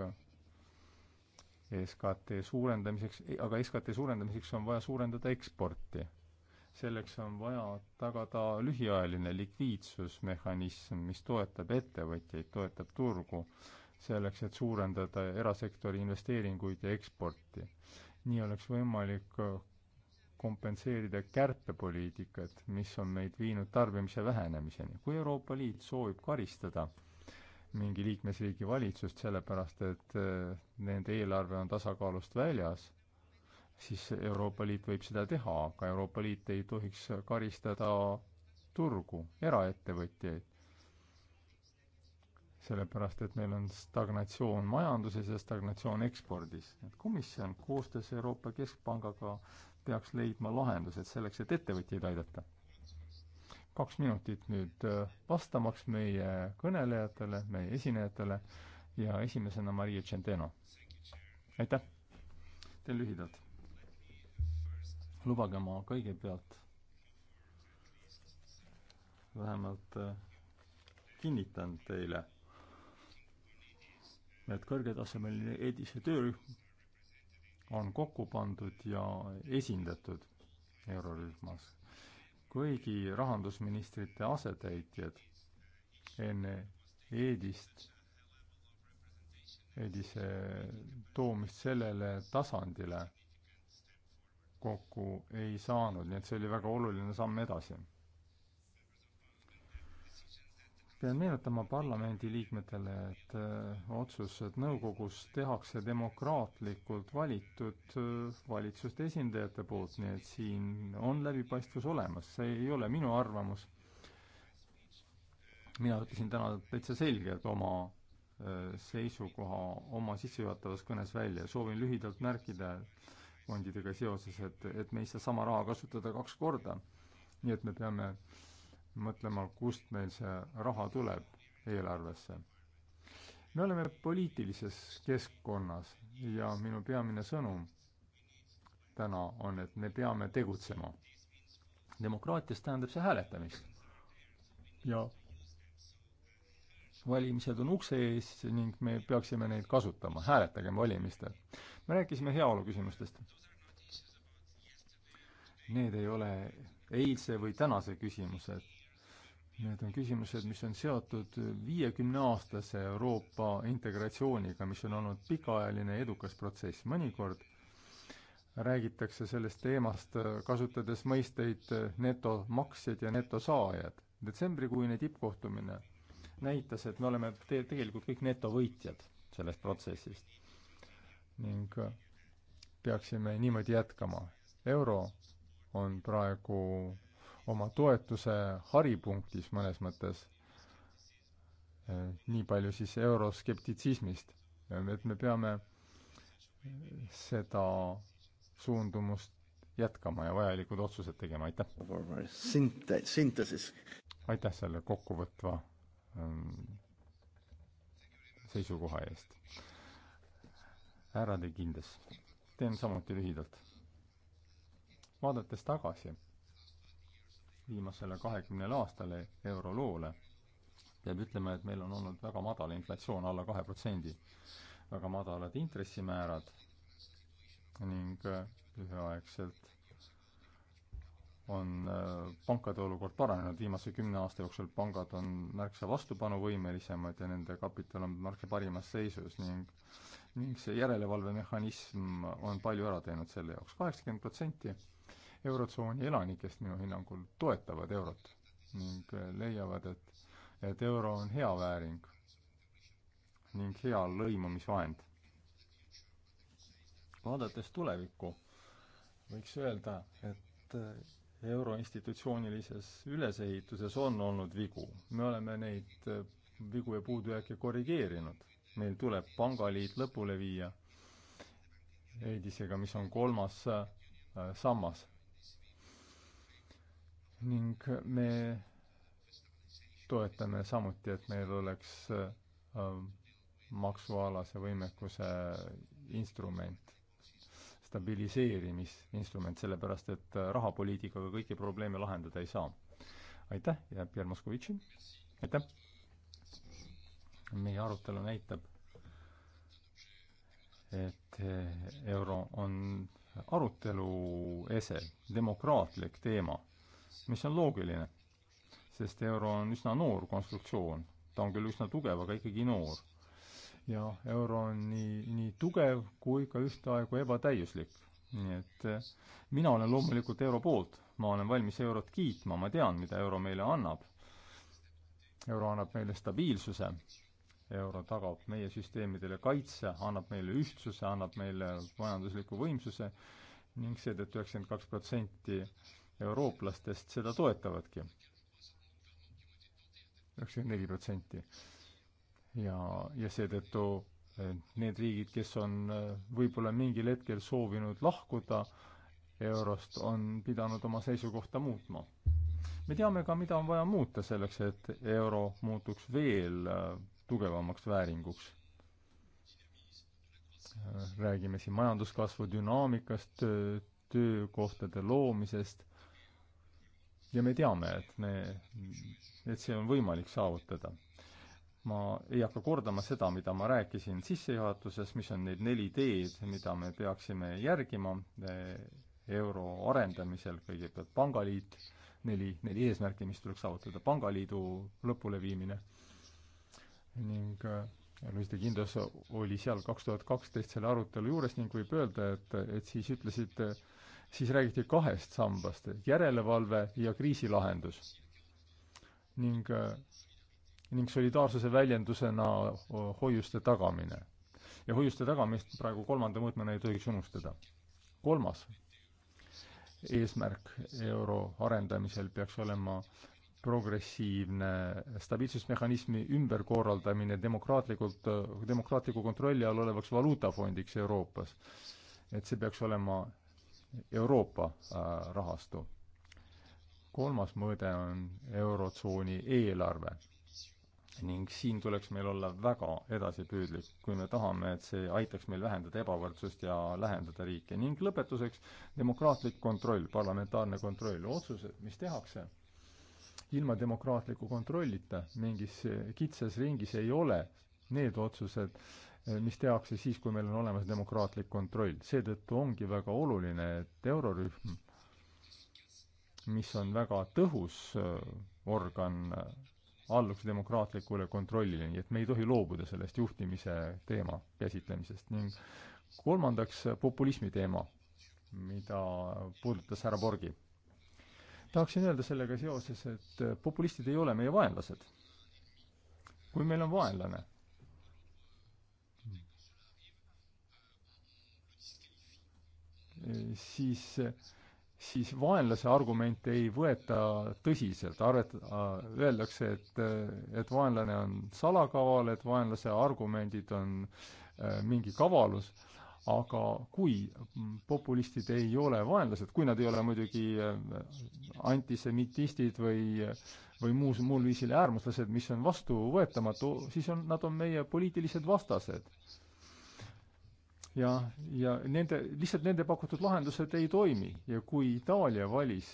SKT suurendamiseks, aga SKT suurendamiseks on vaja suurendada eksporti. selleks on vaja tagada lühiajaline likviidsusmehhanism, mis toetab ettevõtjaid, toetab turgu, selleks et suurendada erasektori investeeringuid ja eksporti. nii oleks võimalik kompenseerida kärpepoliitikat, mis on meid viinud tarbimise vähenemiseni. kui Euroopa Liit soovib karistada mingi liikmesriigi valitsust sellepärast, et eh, nende eelarve on tasakaalust väljas, siis Euroopa Liit võib seda teha, aga Euroopa Liit ei tohiks karistada turgu, eraettevõtjaid. sellepärast, et meil on stagnatsioon majanduses ja stagnatsioon ekspordis. et komisjon koostöös Euroopa Keskpangaga äh, peaks leidma lahendused selleks, et ettevõtjaid aidata. kaks minutit nüüd äh, vastamaks meie kõnelejatele, meie esinejatele ja esimesena Maria Centeno. aitäh! teen lühidalt. lubage ma kõigepealt vähemalt äh, kinnitan teile, et kõrgetasemeline EDIS-e töörühm on kokku pandud ja esindatud eurorühmas. kõigi rahandusministrite asetäitjad enne Eedist, Eedise toomist sellele tasandile kokku ei saanud, nii et see oli väga oluline samm edasi pean meenutama parlamendiliikmetele, et äh, otsused nõukogus tehakse demokraatlikult valitud äh, valitsuste esindajate poolt, nii et siin on läbipaistvus olemas, see ei ole minu arvamus. mina ütlesin täna täitsa selgelt oma äh, seisukoha oma sissejuhatavas kõnes välja, soovin lühidalt märkida fondidega seoses, et, et me ei saa sama raha kasutada kaks korda. nii et me peame äh, mõtlema, kust meil see raha tuleb eelarvesse. me oleme poliitilises keskkonnas ja minu peamine sõnum täna on, et me peame tegutsema. demokraatias tähendab see hääletamist. ja valimised on ukse ees ning me peaksime neid kasutama, hääletagem valimistel. me rääkisime heaolu küsimustest. Need ei ole eilse või tänase küsimused, Need on küsimused, mis on seotud viiekümneaastase Euroopa integratsiooniga, mis on olnud pikaajaline edukas protsess. mõnikord räägitakse sellest teemast, kasutades mõisteid netomaksjad ja netosaajad. detsembrikuine tippkohtumine näitas, et me oleme te-, tegelikult kõik netovõitjad sellest protsessist. ning peaksime niimoodi jätkama. euro on praegu oma toetuse haripunktis mõnes mõttes. Eh, nii palju siis euroskeptitsismist. et me peame seda suundumust jätkama ja vajalikud otsused tegema, aitäh! Sintesi. aitäh selle kokkuvõtva ähm, seisukoha eest. härra De Kindes, teen samuti lühidalt. vaadates tagasi viimasele kahekümnele aastale euroloole, peab ütlema, et meil on olnud väga madal inflatsioon, alla kahe protsendi. väga madalad intressimäärad ning äh, üheaegselt on äh, pankade olukord paranenud, viimase kümne aasta jooksul pangad on märksa vastupanuvõimelisemad ja nende kapital on märksa parimas seisus ning ning see järelevalvemehhanism on palju ära teinud selle jaoks, kaheksakümmend protsenti Eurotsooni elanikest minu hinnangul toetavad Eurot ning äh, leiavad, et, et Euro on hea vääring ning hea lõimumisvahend. vaadates tulevikku, võiks öelda, et äh, Euro institutsioonilises ülesehituses on olnud vigu. me oleme neid äh, vigu ja puudujääke korrigeerinud. meil tuleb pangaliit lõpule viia, EIDISega, mis on kolmas sammas ning me toetame samuti, et meil oleks äh, maksualase võimekuse instrument, stabiliseerimisinstrument, sellepärast et äh, rahapoliitikaga kõiki probleeme lahendada ei saa. aitäh, jääb Pierre Moskovitši. aitäh! meie arutelu näitab, et äh, euro on arutelu ese, demokraatlik teema mis on loogiline, sest euro on üsna noor konstruktsioon. ta on küll üsna tugev, aga ikkagi noor. ja euro on nii, nii tugev kui ka ühtaegu ebatäiuslik. nii et eh, mina olen loomulikult euro poolt, ma olen valmis eurot kiitma, ma tean, mida euro meile annab. euro annab meile stabiilsuse, euro tagab meie süsteemidele kaitse, annab meile ühtsuse, annab meile majandusliku võimsuse ning seetõttu üheksakümmend kaks protsenti eurooplastest seda toetavadki. üheksakümmend neli protsenti. ja, ja seetõttu need riigid, kes on äh, võib-olla mingil hetkel soovinud lahkuda eurost, on pidanud oma seisukohta muutma. me teame ka, mida on vaja muuta selleks, et euro muutuks veel äh, tugevamaks vääringuks. Äh, räägime siin majanduskasvu dünaamikast, töökohtade loomisest ja me teame, et me, et see on võimalik saavutada. ma ei hakka kordama seda, mida ma rääkisin sissejuhatuses, mis on need neli teed, mida me peaksime järgima e, euro arendamisel, kõigepealt pangaliit, neli, neli eesmärki, mis tuleks saavutada, pangaliidu lõpuleviimine ning e, Luis de Guindos oli seal kaks tuhat kaksteist selle arutelu juures ning võib öelda, et, et siis ütlesite siis räägiti kahest sambast, järelevalve ja kriisilahendus. ning, äh, ning solidaarsuse väljendusena äh, hoiuste tagamine. ja hoiuste tagamist praegu kolmanda mõõtmena ei tohiks unustada. kolmas eesmärk euro arendamisel peaks olema progressiivne stabiilsusmehhanismi ümberkorraldamine demokraatlikult, demokraatliku kontrolli all olevaks valuutafondiks Euroopas. et see peaks olema Euroopa äh, rahastu. kolmas mõõde on Eurotsooni eelarve ning siin tuleks meil olla väga edasipüüdlik, kui me tahame, et see aitaks meil vähendada ebavõrdsust ja lähendada riike. ning lõpetuseks demokraatlik kontroll, parlamentaarne kontroll, otsused, mis tehakse, ilma demokraatliku kontrollita mingis kitsas ringis ei ole need otsused Äh, mis tehakse siis, kui meil on olemas demokraatlik kontroll. seetõttu ongi väga oluline, et eurorühm, mis on väga tõhus äh, organ, äh, alluks demokraatlikule kontrollile, nii et me ei tohi loobuda sellest juhtimise teema käsitlemisest ning kolmandaks populismi teema, mida puudutas härra Borgi. tahaksin öelda sellega seoses, et populistid ei ole meie vaenlased. kui meil on vaenlane, siis, siis vaenlase argumente ei võeta tõsiselt, arvet-, öeldakse, et, et vaenlane on salakaval, et vaenlase argumendid on äh, mingi kavalus, aga kui populistid ei ole vaenlased, kui nad ei ole muidugi äh, antisemitistid või või muus, muul viisil äärmuslased, mis on vastuvõetamatu, siis on, nad on meie poliitilised vastased ja, ja nende, lihtsalt nende pakutud lahendused ei toimi ja kui Itaalia valis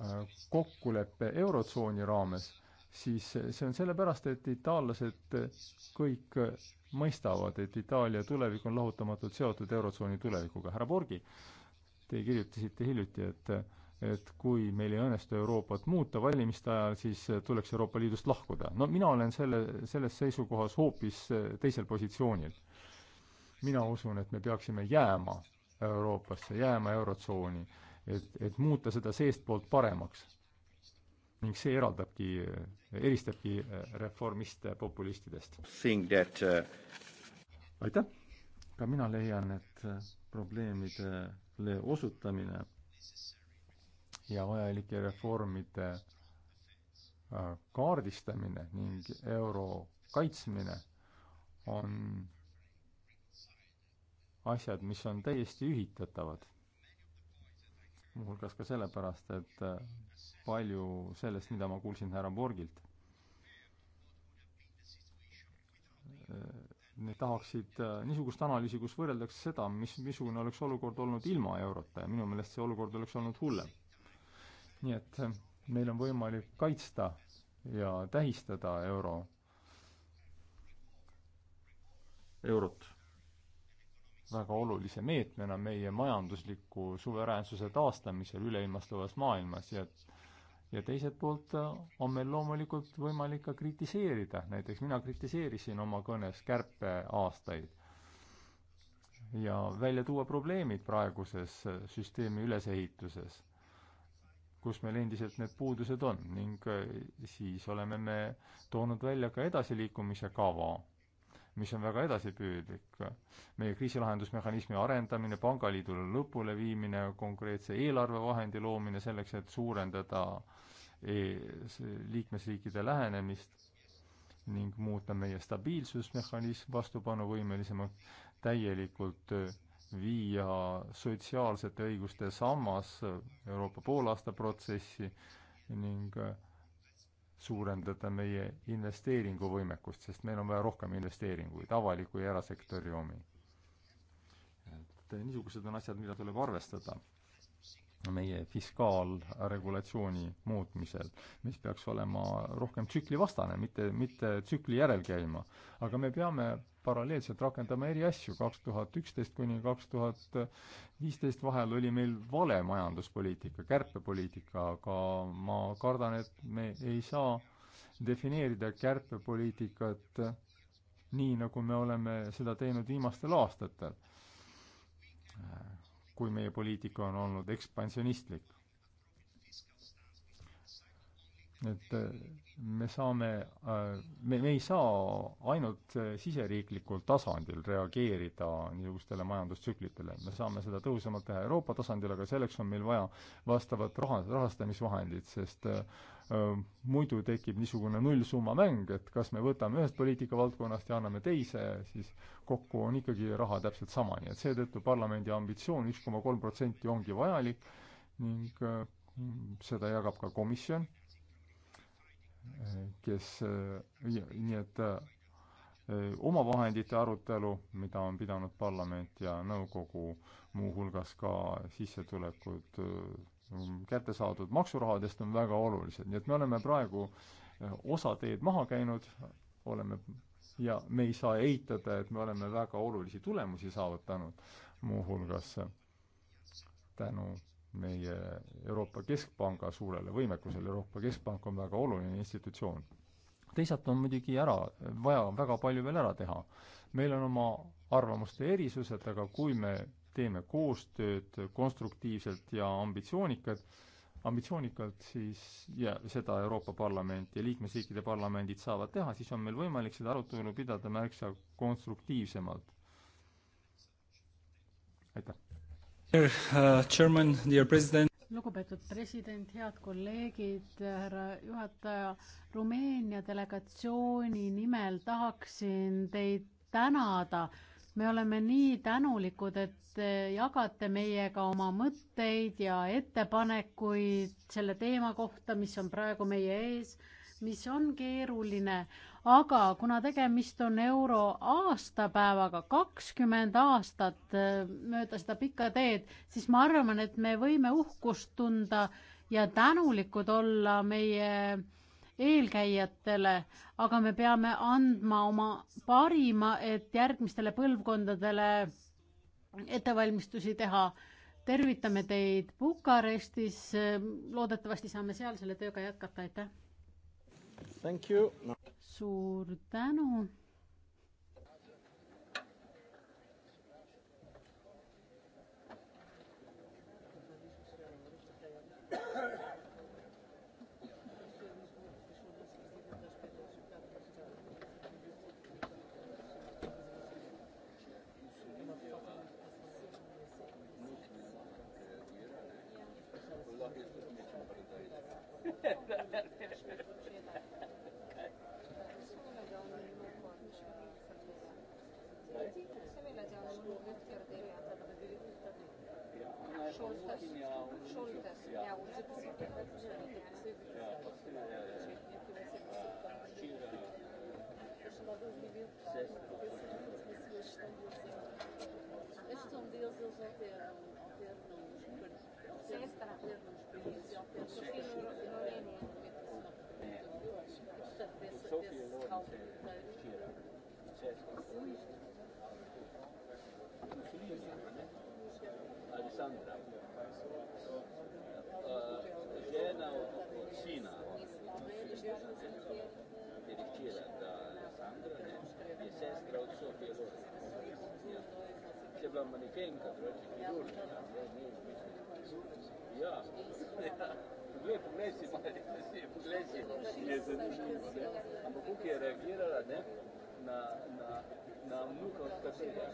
äh, kokkuleppe Eurotsooni raames, siis see on sellepärast, et itaallased kõik mõistavad, et Itaalia tulevik on lahutamatult seotud Eurotsooni tulevikuga. härra Borgi, te kirjutasite hiljuti, et et kui meil ei õnnestu Euroopat muuta valimiste ajal, siis tuleks Euroopa Liidust lahkuda. no mina olen selle, selles seisukohas hoopis äh, teisel positsioonil. mina usun, et me peaksime jääma Euroopasse, jääma Eurotsooni, et, et muuta seda seestpoolt paremaks. ning see eraldabki, äh, eristabki äh, reformiste populistidest. Uh... aitäh! ka mina leian, et probleemidele osutamine ja vajalike reformide äh, kaardistamine ning euro kaitsmine on asjad, mis on täiesti ühitatavad. muuhulgas ka sellepärast, et äh, palju sellest, mida ma kuulsin härra Borgilt, äh, need tahaksid niisugust analüüsi, kus võrreldakse seda, mis, missugune oleks olukord olnud ilma eurota ja minu meelest see olukord oleks olnud hullem nii et eh, meil on võimalik kaitsta ja tähistada euro, eurot väga olulise meetmena meie majandusliku suveräänsuse taastamisel üleilmastuvas maailmas ja ja teiselt poolt eh, on meil loomulikult võimalik ka kritiseerida, näiteks mina kritiseerisin oma kõnes kärpeaastaid ja välja tuua probleemid praeguses eh, süsteemi ülesehituses kus meil endiselt need puudused on ning äh, siis oleme me toonud välja ka edasiliikumise kava, mis on väga edasipüüdlik. meie kriisilahendusmehhanismi arendamine, pangaliidule lõpuleviimine, konkreetse eelarvevahendi loomine selleks, et suurendada liikmesriikide lähenemist ning muuta meie stabiilsusmehhanism vastupanuvõimelisemaks, täielikult äh, viia sotsiaalsete õiguste sammas Euroopa poolaasta protsessi ning suurendada meie investeeringuvõimekust, sest meil on vaja rohkem investeeringuid, avaliku ja erasektori omi. et niisugused on asjad, mida tuleb arvestada meie fiskaalregulatsiooni muutmisel, mis peaks olema rohkem tsüklivastane, mitte, mitte tsükli järel käima. aga me peame paralleelselt rakendama eri asju, kaks tuhat üksteist kuni kaks tuhat viisteist vahel oli meil vale majanduspoliitika, kärpepoliitika, aga ma kardan, et me ei saa defineerida kärpepoliitikat nii, nagu me oleme seda teinud viimastel aastatel kui meie poliitika on olnud ekspansionistlik et äh, me saame, äh, me, me ei saa ainult äh, siseriiklikul tasandil reageerida niisugustele majandustsüklitele, me saame seda tõhusamalt teha Euroopa tasandil, aga selleks on meil vaja vastavat raha, rahastamisvahendit, sest äh, muidu tekib niisugune nullsummamäng, et kas me võtame ühest poliitikavaldkonnast ja anname teise, siis kokku on ikkagi raha täpselt sama, nii et seetõttu parlamendi ambitsioon üks koma kolm protsenti ongi vajalik ning äh, seda jagab ka komisjon kes, eh, nii et eh, omavahendite arutelu, mida on pidanud parlament ja nõukogu, muuhulgas ka sissetulekud eh, kätte saadud maksurahadest on väga olulised, nii et me oleme praegu osa teed maha käinud, oleme ja me ei saa eitada, et me oleme väga olulisi tulemusi saavutanud, muuhulgas tänu meie Euroopa Keskpanga suurele võimekusele, Euroopa Keskpank on väga oluline institutsioon. teisalt on muidugi ära, vaja on väga palju veel ära teha. meil on oma arvamuste erisused, aga kui me teeme koostööd konstruktiivselt ja ambitsioonikad, ambitsioonikalt, siis ja seda Euroopa Parlament ja liikmesriikide parlamendid saavad teha, siis on meil võimalik seda arutelu pidada märksa konstruktiivsemalt. aitäh! Uh, lugupeetud president, head kolleegid, härra juhataja, Rumeenia delegatsiooni nimel tahaksin teid tänada. me oleme nii tänulikud, et jagate meiega oma mõtteid ja ettepanekuid selle teema kohta, mis on praegu meie ees mis on keeruline, aga kuna tegemist on euro aastapäevaga, kakskümmend aastat äh, mööda seda pikka teed, siis ma arvan, et me võime uhkust tunda ja tänulikud olla meie eelkäijatele, aga me peame andma oma parima, et järgmistele põlvkondadele ettevalmistusi teha. tervitame teid Bukarestis, loodetavasti saame seal selle tööga jätkata, aitäh! suur tänu. deles, eles alteram, alternam os partidos, alternam os países, alternam os partidos, portanto, desse caldo inteiro, existe Poglej, poglej si, Marija, si, poglej si. Je zanimivo, ne? Ampak kako je reagirala, ne? Na, na, na vnuka od katerega.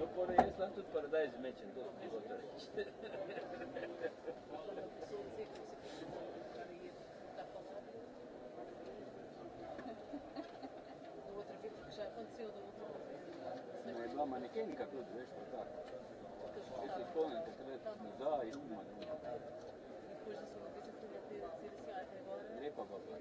No, pore, jaz lahko tudi paradajz mečem, to sem ti hotel reči. манекенка тут, знаешь, вот так. Если тоненько трется, да, и умно. Репа баба.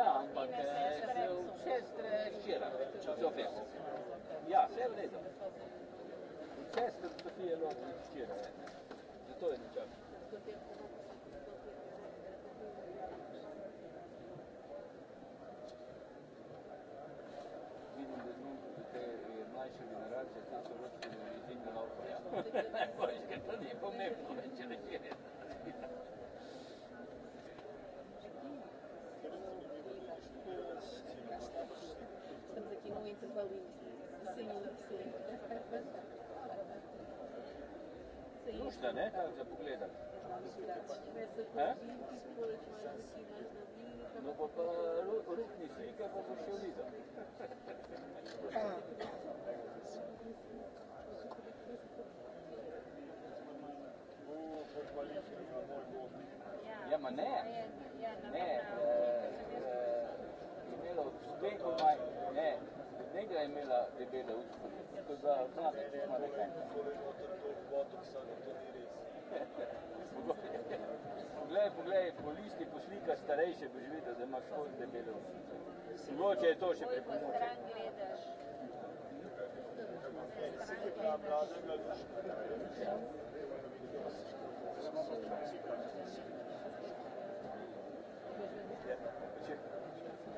Ja, ampak eh, se vse strešira, če se opeko. Ja, se je v redu. Vse strešira, če se opeko. Polityczna, nie? Każda pogleda. No bo pa równi slika, pa to się widza. Ja, maar nee. Nee. Uh, uh, eh, inmiddels twee van mij. Nee neile ei meela, ei meela uskuda, seda sõnadest ma näen. Poglej, poglej, po listi poslika starejše boš videl, da imaš kot debele uši. Mogoče je to še pripomoče. Thank you.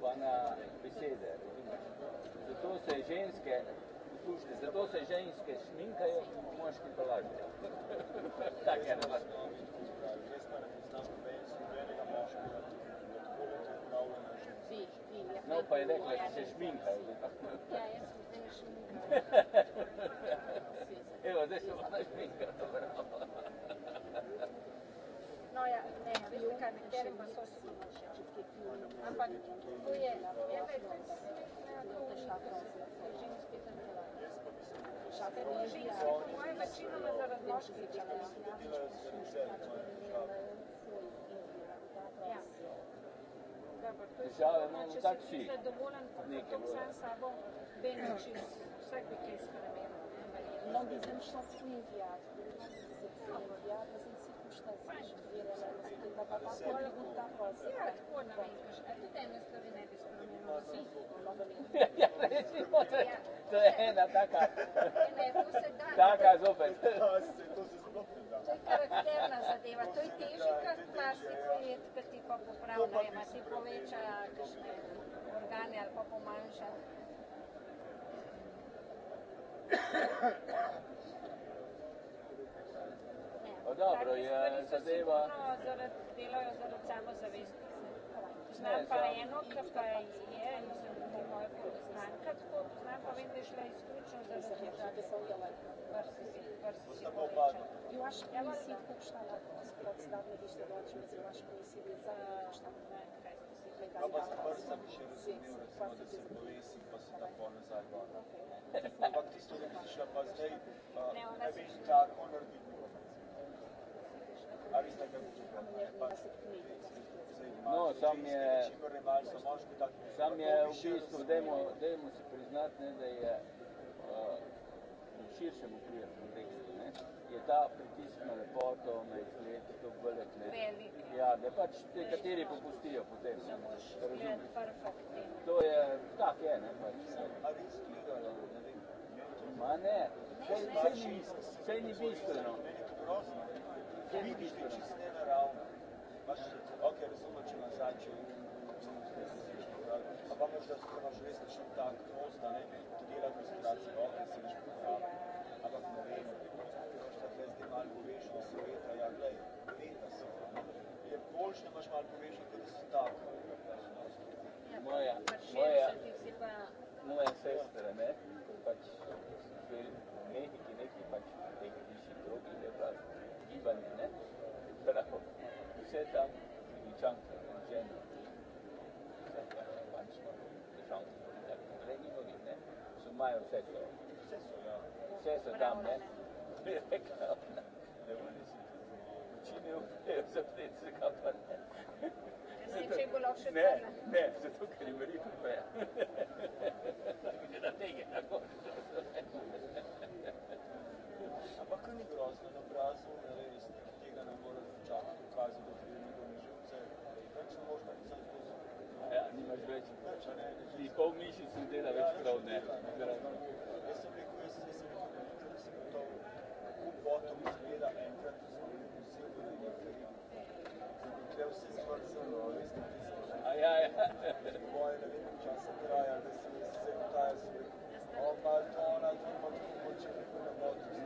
вона бесіда, розумієш? Зато се ženske, слушайте, зато се ženske šminkaju, moški to lažu. Так я на вас. No, pa je rekla, da se šminka. Ja, jaz sem zdaj šminka. [LAUGHS] Evo, zdaj se ona šminka, dobro. No ja, ne, vi kad kerim vas osobno Ampak to je, je da je to ženski zadevaj. Ženski po mojem večinoma za razložki delajo. Ja. Dobro, to je to, če si ti zadovoljen, kako to sam sabo, beneči vsak bi kaj spremenil. Mnogi zemšno knjivja, knjivja, da sem конечно, среагировать. И на протокол контакт. Ja, to je ena taka, taka zopet. To je karakterna zadeva, to je težji kot plastik projekt, ki ti pa popravlja, ima ti poveča kakšne organe ali pa pomanjša dobro, je zadeva... Zaradi, delajo zaradi samozavesti. Poznam pa eno, ki pa je, mislim, da je moja poznanka, tako poznam pa vem, da je šla izključno zaradi И ваш комисия купшта на представили што дојде за ваш комисија за што не е Pa vas prvi sam še razumel, recimo, da se povesim, pa se da pol nazaj gor. Ampak tisto, da bi šla pa zdaj, ne veš, tako narediti. No, sam je, sam je ubijstvo, dajmo, dajmo si priznat, ne, da je uh, u širšem okviru kontekstu, ne, je ta pritisk na lepoto, na izgled, to velik, ne. Velik. Ja, da pač nekateri popustijo potem, ne, razumeš. To je, tak je, ne, pač. Ma ne, saj ni bistveno. Vidiš pritisne na ravno. Baš, ok, razumem, če imam zdaj, če pa možda se imaš res kakšen tak ostane, ki dela koncentracijo, ok, si viš priprava. Ampak ne vem, možda tle zdaj malo poveš na sveta, ja, glej, verjetno sem. Je boljš, da imaš malo poveš, kot da si tak. Moja, moja, moja sestra, ne, pač v Mehiki neki pač neki višji krog, ki je prav, gibanje said that to the junker in general. Said that once more, the junker, that Leninovic, su mai ho sesso, sesso, sesso damme, rekao na, ne ulici, učinio je za plice kapane. Neće gološe Ne, ne, zato ker ima riko pre. Da tega tako. Ampak ni grozno na obrazu, ne vem, tega ne bo čakal, pokazal, E, ja, niet meer weet. Die pommies is een deel dat weet je wel, nee. Esse request, esse request, então, o bottom esquerda entra no símbolo de inferno. Çünkü siz varsın o Ay ay. Bu ailenin şansıdır ayardasınız, size müteahhitsiniz. Onlar da ona tutmak için bu çekimini bottom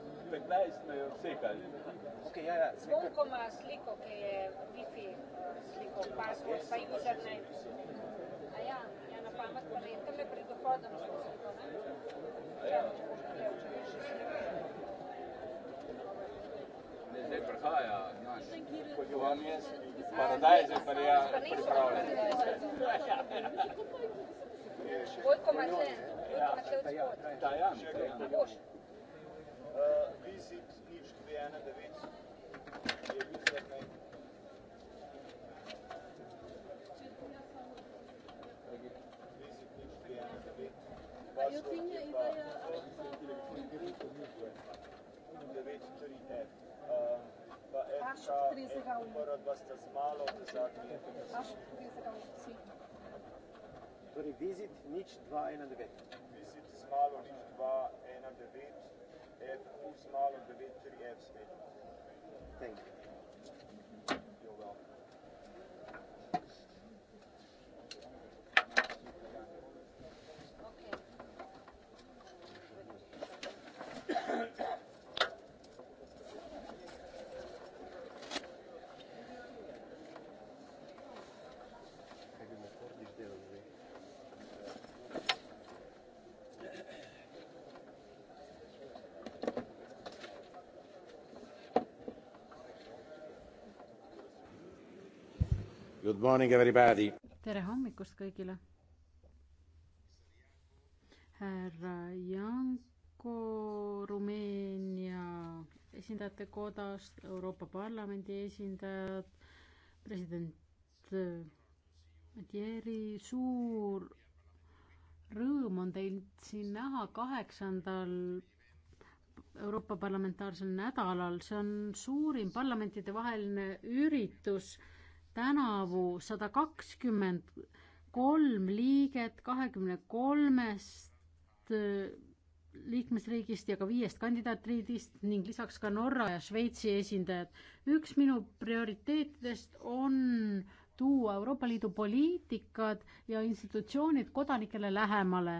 15 sekali. Okay, ja, ja, Zvonko ima sliko, ki je Wi-Fi sliko, password, pa username. A ja, ja na pamet pa ne, tam je pred dohodom smo sliko, ne? Ja. Ne, zdaj prihaja naš, kot je vam jaz, paradajz je pa ja pripravljen. Vojko Matle, Vojko Matle od spod. Tajan, Tajan. Rizik nič dve ena devet je bil zdaj. Rizik nič dve ena devet. Vaš kot je pa devet tri F. Pa FK, F prva dva sta z malo, da zadnji je pa s. Torej vizit nič dva ena devet. Vizit z malo nič dva ena devet. F. Kuusmaal on the victory F. Smith. Thank you. Good morning, everybody! tere hommikust kõigile! härra Janko Rumeenia esindajate kodast, Euroopa Parlamendi esindajad, president äh, Matieri, suur rõõm on teid siin näha kaheksandal Euroopa parlamentaarsel nädalal, see on suurim parlamentidevaheline üritus tänavu sada kakskümmend kolm liiget kahekümne kolmest äh, liikmesriigist ja ka viiest kandidaatriigist ning lisaks ka Norra ja Šveitsi esindajad. üks minu prioriteetidest on tuua Euroopa Liidu poliitikad ja institutsioonid kodanikele lähemale.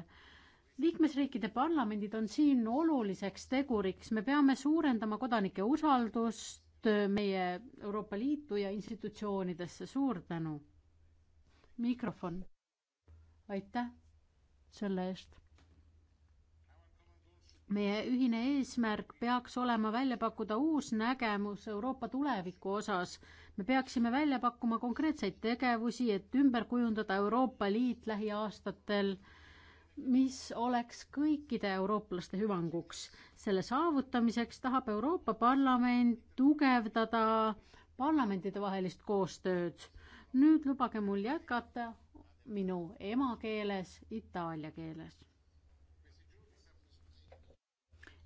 liikmesriikide parlamendid on siin oluliseks teguriks, me peame suurendama kodanike usaldust meie Euroopa Liitu ja institutsioonidesse, suur tänu. mikrofon. aitäh selle eest. meie ühine eesmärk peaks olema välja pakkuda uus nägemus Euroopa tuleviku osas. me peaksime välja pakkuma konkreetseid tegevusi, et ümber kujundada Euroopa Liit lähiaastatel mis oleks kõikide eurooplaste hüvanguks. selle saavutamiseks tahab Euroopa Parlament tugevdada parlamentidevahelist koostööd. nüüd lubage mul jätkata minu emakeeles, itaalia keeles.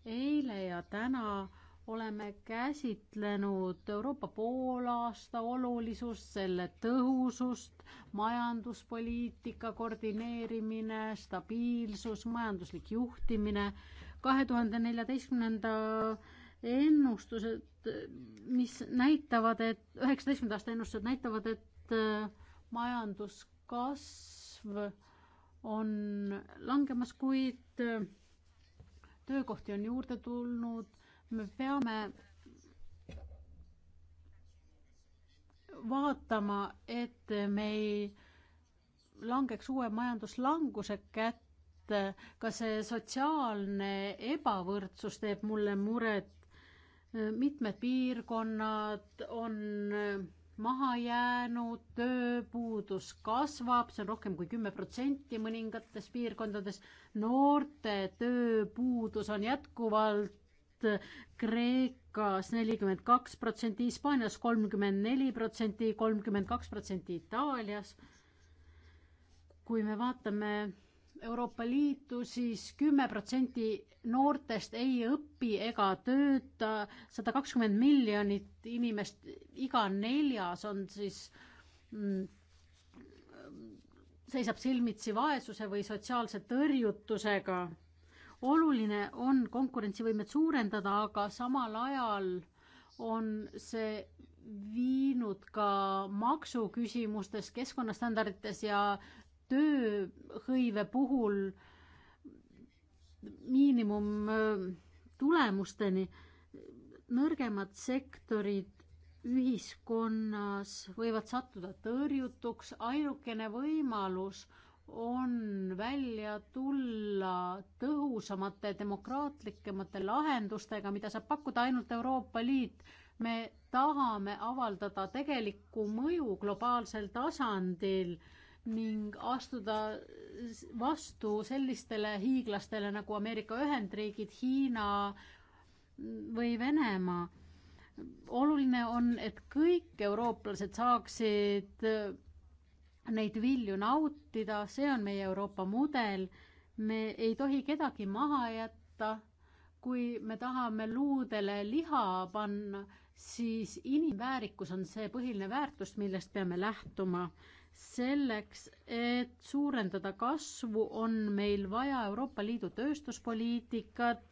eile ja täna oleme käsitlenud Euroopa poolaasta olulisust, selle tõhusust, majanduspoliitika koordineerimine, stabiilsus, majanduslik juhtimine, kahe tuhande neljateistkümnenda ennustused, mis näitavad, et, üheksateistkümnenda aasta ennustused näitavad, et äh, majanduskasv on langemas, kuid äh, töökohti on juurde tulnud me peame vaatama, et me ei langeks uue majanduslanguse kätte, ka see sotsiaalne ebavõrdsus teeb mulle muret. mitmed piirkonnad on maha jäänud, tööpuudus kasvab, see on rohkem kui kümme protsenti mõningates piirkondades. noorte tööpuudus on jätkuvalt Kreekas nelikümmend kaks protsenti, Hispaanias kolmkümmend neli protsenti, kolmkümmend kaks protsenti Itaalias. kui me vaatame Euroopa Liitu, siis kümme protsenti noortest ei õpi ega tööta, sada kakskümmend miljonit inimest, iga neljas on siis mm, seisab silmitsi vaesuse või sotsiaalse tõrjutusega oluline on konkurentsivõimet suurendada, aga samal ajal on see viinud ka maksuküsimustes, keskkonnastandardites ja tööhõive puhul miinimumtulemusteni. Äh, nõrgemad sektorid ühiskonnas võivad sattuda tõrjutuks, ainukene võimalus on välja tulla tõhusamate demokraatlikemate lahendustega, mida saab pakkuda ainult Euroopa Liit. me tahame avaldada tegelikku mõju globaalsel tasandil ning astuda vastu sellistele hiiglastele nagu Ameerika Ühendriigid, Hiina või Venemaa. oluline on, et kõik eurooplased saaksid neid vilju nautida, see on meie Euroopa mudel. me ei tohi kedagi maha jätta. kui me tahame luudele liha panna, siis inimväärikus on see põhiline väärtus, millest peame lähtuma. selleks, et suurendada kasvu, on meil vaja Euroopa Liidu tööstuspoliitikat,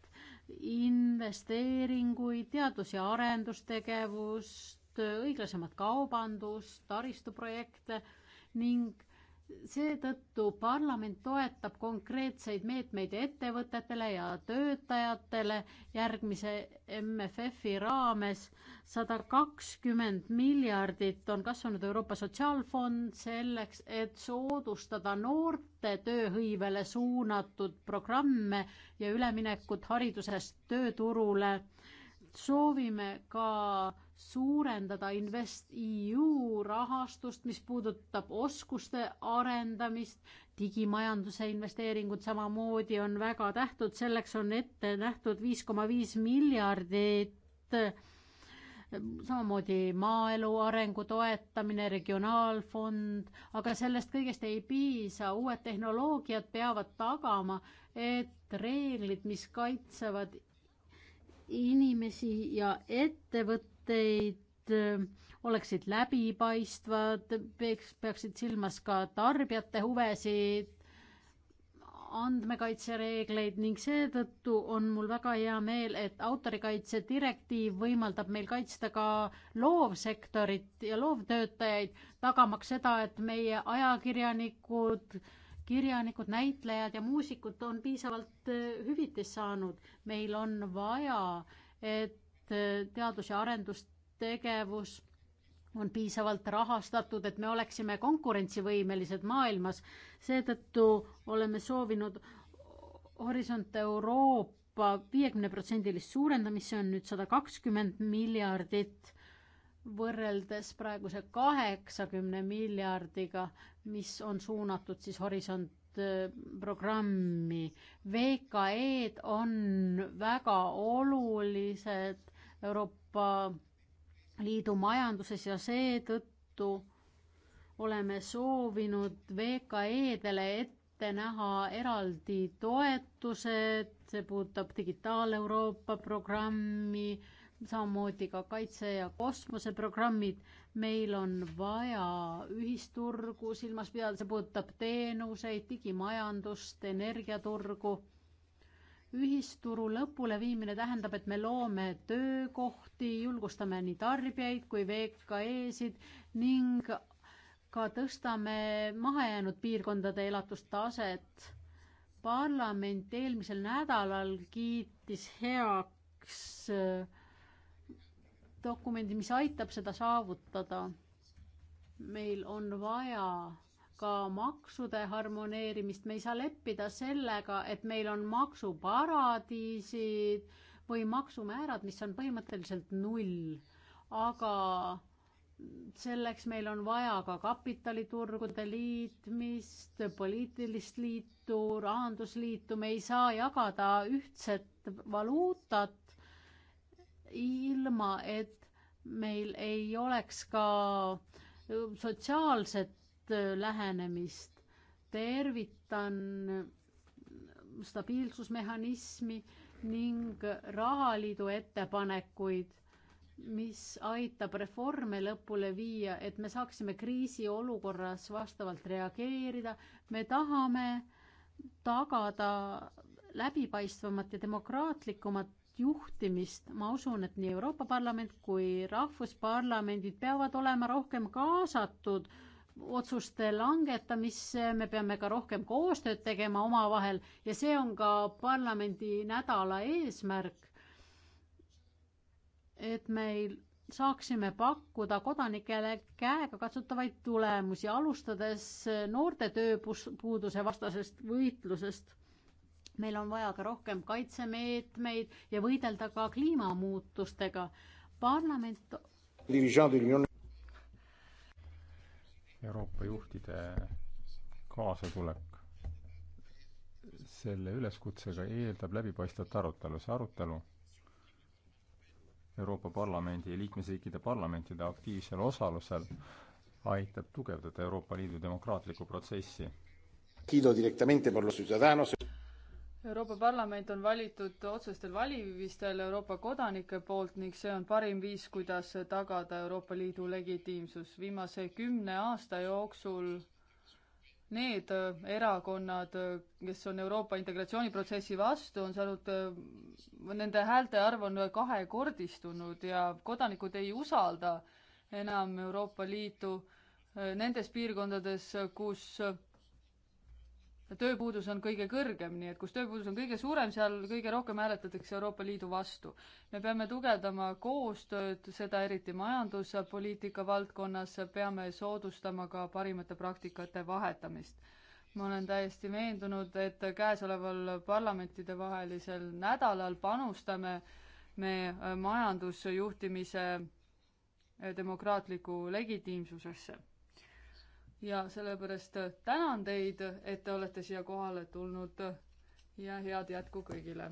investeeringuid, teadus- ja arendustegevust, õiglasemat kaubandust, taristuprojekte ning seetõttu parlament toetab konkreetseid meetmeid ettevõtetele ja töötajatele järgmise MFF-i raames. sada kakskümmend miljardit on kasvanud Euroopa Sotsiaalfond selleks, et soodustada noorte tööhõivele suunatud programme ja üleminekut haridusest tööturule. soovime ka suurendada InvestEU rahastust, mis puudutab oskuste arendamist, digimajanduse investeeringud samamoodi on väga tähtsad, selleks on ette nähtud viis koma viis miljardit. samamoodi maaelu arengu toetamine, regionaalfond, aga sellest kõigest ei piisa, uued tehnoloogiad peavad tagama, et reeglid, mis kaitsevad inimesi ja ettevõtteid, tooteid ähm, oleksid läbipaistvad, peaks, peaksid silmas ka tarbijate huvesid, andmekaitsereegleid ning seetõttu on mul väga hea meel, et autorikaitse direktiiv võimaldab meil kaitsta ka loovsektorit ja loovtöötajaid, tagamaks seda, et meie ajakirjanikud, kirjanikud, näitlejad ja muusikud on piisavalt äh, hüvitist saanud. meil on vaja, et Eh, teadus- ja arendustegevus on piisavalt rahastatud, et me oleksime konkurentsivõimelised maailmas. seetõttu oleme soovinud Horisont Euroopa viiekümneprotsendilist suurendamist, see on nüüd sada kakskümmend miljardit võrreldes praeguse kaheksakümne miljardiga, mis on suunatud siis Horisont eh, programmi. VKE-d on väga olulised Euroopa Liidu majanduses ja seetõttu oleme soovinud VKE-dele ette näha eraldi toetused, see puudutab Digitaal-Euroopa programmi, samamoodi ka kaitse- ja kosmoseprogrammid. meil on vaja ühisturgu silmas pidada, see puudutab teenuseid, digimajandust, energiaturgu ühisturu lõpuleviimine tähendab, et me loome töökohti, julgustame nii tarbijaid kui VKE-sid ning ka tõstame mahajäänud piirkondade elatustaset. parlament eelmisel nädalal kiitis heaks äh, dokumendi, mis aitab seda saavutada. meil on vaja ka maksude harmoneerimist, me ei saa leppida sellega, et meil on maksuparadiisid või maksumäärad, mis on põhimõtteliselt null. aga selleks meil on vaja ka kapitaliturgude liitmist, poliitilist liitu, rahandusliitu, me ei saa jagada ühtset valuutat ilma, et meil ei oleks ka sotsiaalset lähenemist. tervitan stabiilsusmehhanismi ning rahaliidu ettepanekuid, mis aitab reforme lõpule viia, et me saaksime kriisiolukorras vastavalt reageerida. me tahame tagada läbipaistvamat ja demokraatlikumat juhtimist, ma usun, et nii Euroopa Parlament kui rahvusparlamendid peavad olema rohkem kaasatud äh, otsuste langetamisse, me peame ka rohkem koostööd tegema omavahel ja see on ka parlamendi nädala eesmärk. et meil saaksime pakkuda kodanikele käegakatsutavaid tulemusi, alustades noorte tööpuuduse vastasest võitlusest. meil on vaja ka rohkem kaitsemeetmeid ja võidelda ka kliimamuutustega. parlament Euroopa juhtide kaasatulek selle üleskutsega eeldab läbipaistvat arutelu. see arutelu Euroopa Parlamendi ja liikmesriikide parlamentide aktiivsel osalusel aitab tugevdada Euroopa Liidu demokraatlikku protsessi. Euroopa Parlament on valitud otsestel valimistel Euroopa kodanike poolt ning see on parim viis, kuidas tagada Euroopa Liidu legitiimsus. viimase kümne aasta jooksul need erakonnad, kes on Euroopa integratsiooniprotsessi vastu, on saanud, nende häälte arv on kahekordistunud ja kodanikud ei usalda enam Euroopa Liitu nendes piirkondades, kus tööpuudus on kõige kõrgem, nii et kus tööpuudus on kõige suurem, seal kõige rohkem hääletatakse Euroopa Liidu vastu. me peame tugevdama koostööd, seda eriti majanduspoliitika valdkonnas, peame soodustama ka parimate praktikate vahetamist. ma olen täiesti veendunud, et käesoleval parlamentidevahelisel nädalal panustame me majandusjuhtimise demokraatliku legitiimsusesse ja sellepärast äh, tänan teid, et te olete siia kohale tulnud äh, ja head jätku kõigile!